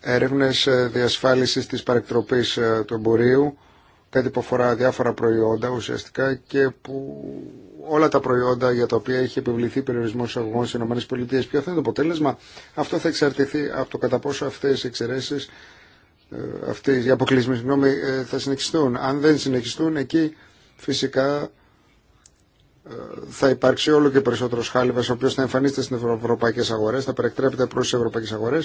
έρευνες ε, διασφάλισης της παρεκτροπής ε, του εμπορίου κάτι που αφορά διάφορα προϊόντα ουσιαστικά και που όλα τα προϊόντα για τα οποία έχει επιβληθεί περιορισμό εισαγωγών στι ΗΠΑ. Ποιο θα είναι το αποτέλεσμα, αυτό θα εξαρτηθεί από το κατά πόσο αυτέ οι εξαιρέσει, ε, αυτέ οι αποκλεισμοί, συγγνώμη, ε, θα συνεχιστούν. Αν δεν συνεχιστούν, εκεί φυσικά ε, θα υπάρξει όλο και περισσότερο χάλιβα, ο οποίο θα εμφανίζεται στι ευρωπαϊκέ αγορέ, θα περεκτρέπεται προ τι ευρωπαϊκέ αγορέ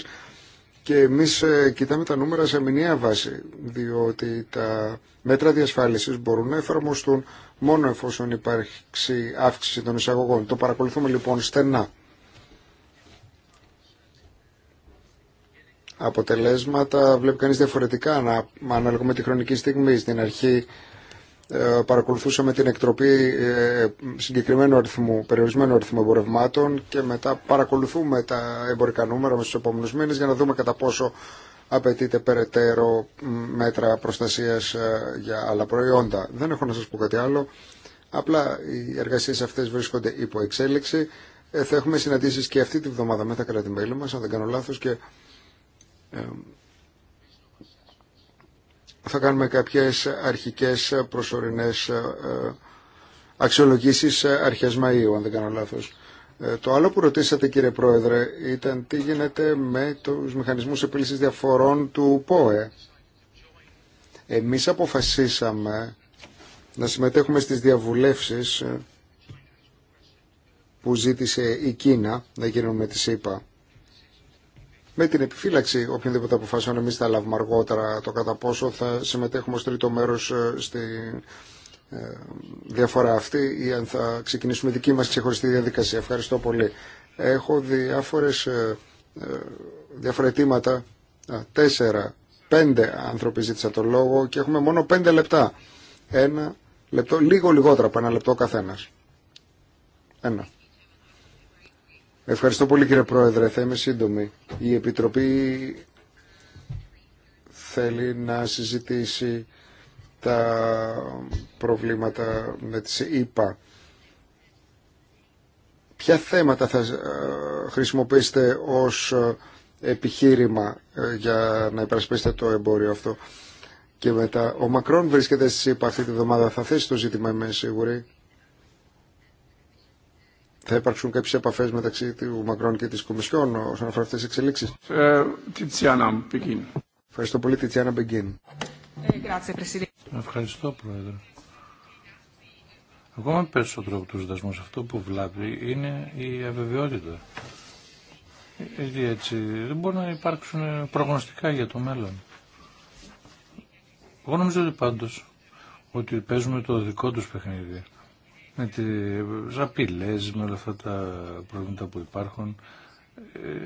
και εμείς ε, κοιτάμε τα νούμερα σε μηνιαία βάση, διότι τα μέτρα διασφάλισης μπορούν να εφαρμοστούν μόνο εφόσον υπάρξει αύξηση των εισαγωγών. Το παρακολουθούμε λοιπόν στενά. Αποτελέσματα βλέπει κανείς διαφορετικά ανάλογα με τη χρονική στιγμή. Στην αρχή ε, παρακολουθούσαμε την εκτροπή ε, συγκεκριμένου αριθμού, περιορισμένου αριθμού εμπορευμάτων και μετά παρακολουθούμε τα εμπορικά νούμερα με στους επόμενους μήνες για να δούμε κατά πόσο απαιτείται περαιτέρω μέτρα προστασίας ε, για άλλα προϊόντα. Δεν έχω να σας πω κάτι άλλο. Απλά οι εργασίες αυτές βρίσκονται υπό εξέλιξη. Θα έχουμε συναντήσεις και αυτή τη βδομάδα με τα τη μελη μας, αν δεν κάνω λάθος, και θα κάνουμε κάποιες αρχικές προσωρινές ε, αξιολογήσεις ε, αρχές Μαΐου, αν δεν κάνω λάθος. Ε, το άλλο που ρωτήσατε κύριε Πρόεδρε ήταν τι γίνεται με τους μηχανισμούς επίλυσης διαφορών του ΠΟΕ. Εμείς αποφασίσαμε να συμμετέχουμε στις διαβουλεύσεις που ζήτησε η Κίνα να γίνουν με τη ΣΥΠΑ με την επιφύλαξη οποιονδήποτε αποφάσεων εμεί θα λάβουμε αργότερα το κατά πόσο θα συμμετέχουμε ως τρίτο μέρος ε, στη ε, διαφορά αυτή ή αν θα ξεκινήσουμε δική μας ξεχωριστή διαδικασία. Ευχαριστώ πολύ. Έχω διάφορες, ε, διάφορα αιτήματα, τέσσερα, πέντε άνθρωποι ζήτησαν το λόγο και έχουμε μόνο πέντε λεπτά. Ένα λεπτό, λίγο λιγότερα από ένα λεπτό καθένας. Ένα. Ευχαριστώ πολύ κύριε Πρόεδρε. Θα είμαι σύντομη. Η Επιτροπή θέλει να συζητήσει τα προβλήματα με τις ΕΙΠΑ. Ποια θέματα θα ε, χρησιμοποιήσετε ως ε, επιχείρημα ε, για να υπερασπίσετε το εμπόριο αυτό. Και μετά, ο Μακρόν βρίσκεται στη ΣΥΠΑ αυτή τη βδομάδα. Θα θέσει το ζήτημα, είμαι σίγουρη θα υπάρξουν κάποιε επαφέ μεταξύ του Μακρόν και τη Κομισιόν όσον αφορά αυτέ Τι εξελίξει. Ε, Τιτσιάνα Μπεγκίν. Ευχαριστώ πολύ Τιτσιάνα Μπεγκίν. Ευχαριστώ Πρόεδρε. Ακόμα περισσότερο από του δασμούς αυτό που βλάπτει είναι η αβεβαιότητα. Γιατί έτσι δεν μπορούν να υπάρξουν προγνωστικά για το μέλλον. Εγώ νομίζω ότι πάντως ότι παίζουμε το δικό τους παιχνίδι με τις με όλα αυτά τα προβλήματα που υπάρχουν. Ε,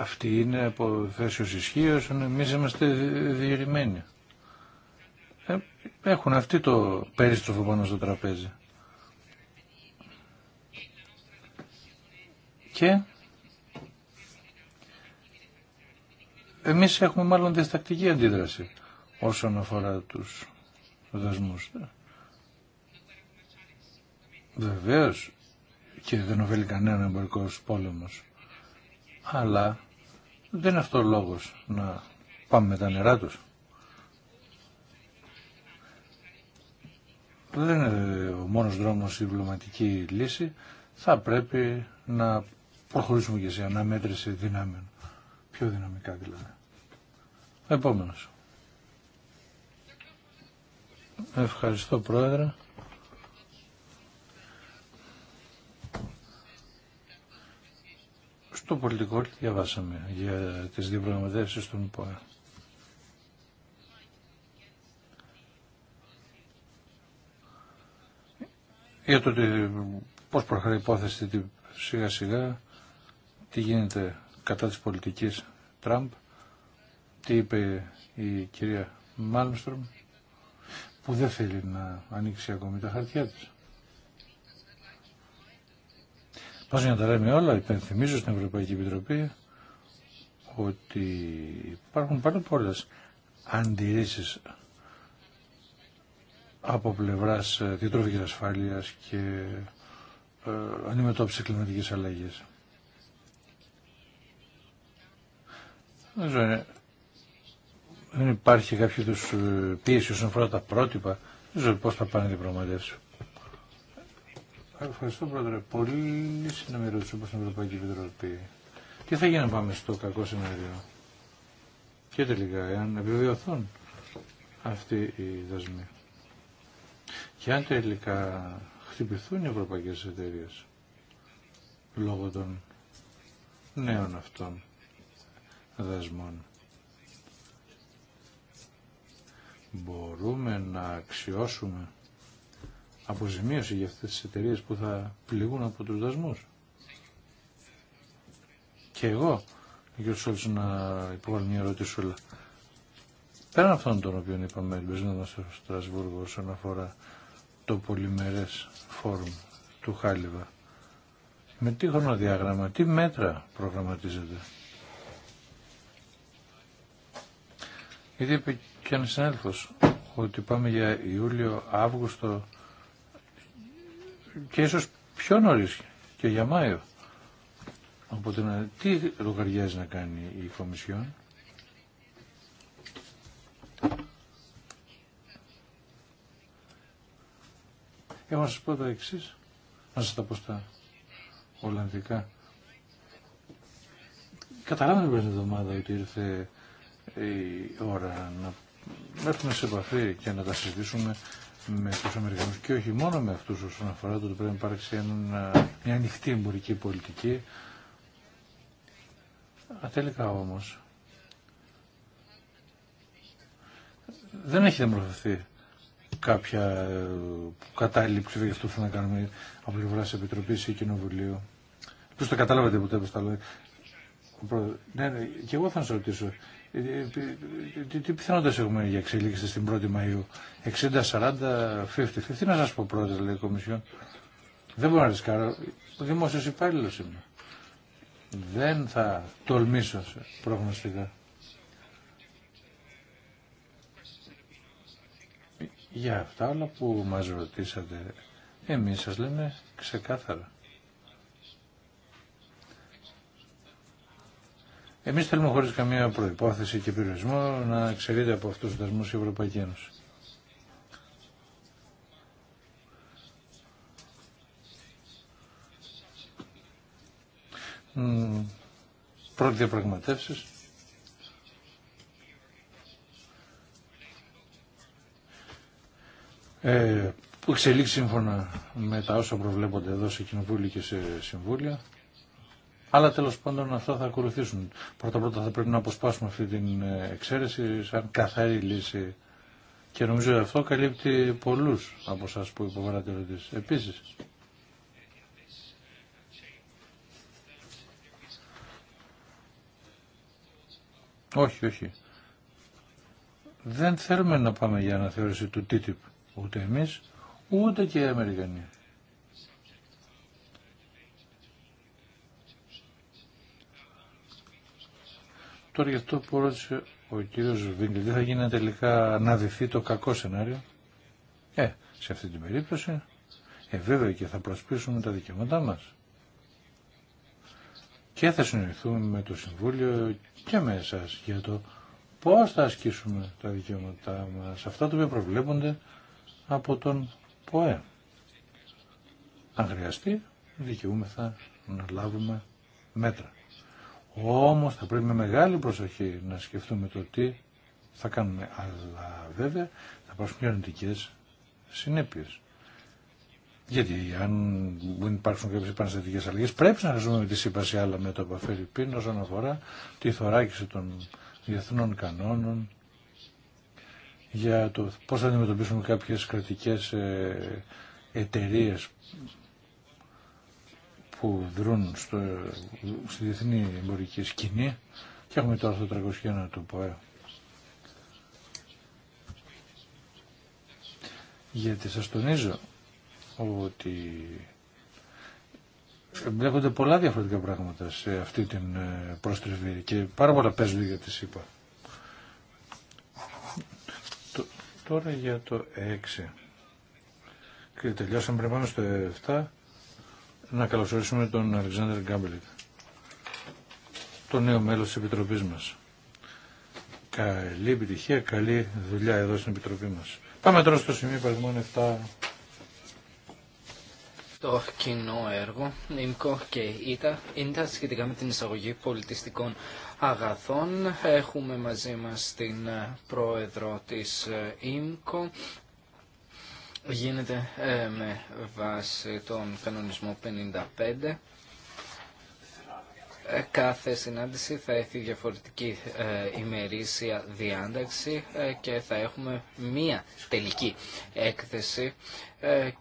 αυτή είναι από θέσεως ισχύω, εμείς είμαστε διαιρημένοι. Ε, έχουν αυτή το περίστροφο πάνω στο τραπέζι. Και εμείς έχουμε μάλλον διστακτική αντίδραση όσον αφορά τους δεσμούς. Βεβαίω, και δεν ωφέλει κανένα εμπορικό πόλεμος. Αλλά δεν είναι αυτό ο λόγος να πάμε με τα νερά του. Δεν είναι ο μόνος δρόμος η διπλωματική λύση. Θα πρέπει να προχωρήσουμε και σε αναμέτρηση δυνάμεων. Πιο δυναμικά δηλαδή. Επόμενος. Ευχαριστώ Πρόεδρε. Το πολιτικό διαβάσαμε για τις διαπραγματεύσεις των ΠΟΕ. Για το ότι πώς προχωράει η υπόθεση τι, σιγά σιγά, τι γίνεται κατά της πολιτικής Τραμπ, τι είπε η κυρία Μάλμστρομ, που δεν θέλει να ανοίξει ακόμη τα χαρτιά της. για να τα λέμε όλα, υπενθυμίζω στην Ευρωπαϊκή Επιτροπή ότι υπάρχουν πάρα πολλέ αντιρρήσεις από πλευράς ε, διατροφικής ασφάλεια και ε, αντιμετώπιση κλιματικής αλλαγής. Δεν ε, υπάρχει κάποιο ε, πίεση όσον αφορά τα πρότυπα. Δεν ξέρω πώ θα πάνε οι διαπραγματεύσει. Ευχαριστώ, Πρόεδρε. Πολύ σύντομη ερώτηση όπως στην Ευρωπαϊκή Επιτροπή. Τι θα γίνει να πάμε στο κακό σενάριο. Και τελικά, εάν επιβιωθούν αυτοί οι δασμοί. Και αν τελικά χτυπηθούν οι ευρωπαϊκέ εταιρείε λόγω των νέων αυτών δασμών. Μπορούμε να αξιώσουμε αποζημίωση για αυτές τις εταιρείες που θα πληγούν από τους δασμούς. Και εγώ, κ. Σόλτς, να υποβάλω μια ερώτηση Πέραν αυτών των οποίων είπαμε την στο Στρασβούργο όσον αφορά το πολυμερές φόρουμ του Χάλιβα, με τι χρονοδιάγραμμα, τι μέτρα προγραμματίζεται. Γιατί είπε και ένας ότι πάμε για Ιούλιο, Αύγουστο και ίσω πιο νωρίς και για Μάιο. Οπότε τι λογαριάζει να κάνει η Κομισιόν. Εγώ να σας πω τα εξής, να σας τα πω στα Ολλανδικά. Καταλάβαμε πριν την εβδομάδα ότι ήρθε η ώρα να έρθουμε σε επαφή και να τα συζητήσουμε με του Αμερικανούς και όχι μόνο με αυτού, όσον αφορά το ότι πρέπει να υπάρξει μια ανοιχτή εμπορική πολιτική. Α τελικά όμω. δεν έχει δημορφωθεί κάποια ε, κατάλληλη ψηφία αυτό που θα κάνουμε από πλευρά Επιτροπή ή Κοινοβουλίου. Πώ το καταλάβατε ποτέ, πώ τα Ναι, ναι, και εγώ θα σα ρωτήσω, ε, ε, ε, τι, τι πιθανότητες έχουμε για εξελίξει στην 1η Μαΐου. 60, 40, 50. 50 να σα πω πρώτα, λέει η Κομισιόν. Δεν μπορώ να ρισκάρω. Ο υπάλληλο είμαι. Δεν θα τολμήσω προγνωστικά. Για αυτά όλα που μας ρωτήσατε, εμείς σας λέμε ξεκάθαρα. Εμείς θέλουμε χωρίς καμία προϋπόθεση και περιορισμό να εξαιρείται από αυτούς τους δασμούς η Ευρωπαϊκή Ένωση. Πρώτη διαπραγματεύσεις. Ε, που εξελίξει σύμφωνα με τα όσα προβλέπονται εδώ σε κοινοβούλια και σε συμβούλια. Αλλά τέλος πάντων αυτό θα ακολουθήσουν. Πρώτα πρώτα θα πρέπει να αποσπάσουμε αυτή την ε, εξαίρεση σαν καθαρή λύση. Και νομίζω αυτό καλύπτει πολλούς από εσά που υποβάλλατε ερωτήσει. Επίσης, Όχι, όχι. Δεν θέλουμε να πάμε για αναθεώρηση του TTIP. Ούτε εμείς, ούτε και οι Αμερικανοί. Τώρα γι' αυτό που ρώτησε ο κύριος Βίγκλη, δεν θα γίνει να τελικά το κακό σενάριο. Ε, σε αυτή την περίπτωση, ε βέβαια και θα προσπίσουμε τα δικαιώματά μας. Και θα συνοηθούμε με το Συμβούλιο και με εσάς για το πώς θα ασκήσουμε τα δικαιώματά μας. Αυτά τα οποία προβλέπονται από τον ΠΟΕ. Αν χρειαστεί, δικαιούμεθα να λάβουμε μέτρα. Όμως θα πρέπει με μεγάλη προσοχή να σκεφτούμε το τι θα κάνουμε. Αλλά βέβαια θα υπάρχουν και αρνητικέ συνέπειε. Γιατί αν δεν υπάρχουν κάποιε επαναστατικέ αλλαγέ, πρέπει να ζούμε τη σύμβαση άλλα μέτωπα Φερρυπίν όσον αφορά τη θωράκιση των διεθνών κανόνων για το πώς θα αντιμετωπίσουμε κάποιες κρατικές ε, εταιρείε που δρούν στο, στη διεθνή εμπορική σκηνή και έχουμε τώρα το 301 του ΠΟΕ. Γιατί σας τονίζω ότι βλέπονται πολλά διαφορετικά πράγματα σε αυτή την ε, πρόστριβη και πάρα πολλά παίζονται για τη ΣΥΠΑ. Τώρα για το 6. Και τελειώσαμε πριν πάμε στο 7 να καλωσορίσουμε τον Αλεξάνδρ Γκάμπελιτ, το νέο μέλος της Επιτροπής μας. Καλή επιτυχία, καλή δουλειά εδώ στην Επιτροπή μας. Πάμε τώρα στο σημείο παραδείγματων 7. Το κοινό έργο, ΙΜΚΟ και ΙΤΑ, τα σχετικά με την εισαγωγή πολιτιστικών αγαθών. Έχουμε μαζί μας την ε, πρόεδρο της ε, ΙΜΚΟ, γίνεται ε, με βάση τον κανονισμό 55. Ε, κάθε συνάντηση θα έχει διαφορετική ε, ημερήσια διάνταξη και θα έχουμε μία τελική έκθεση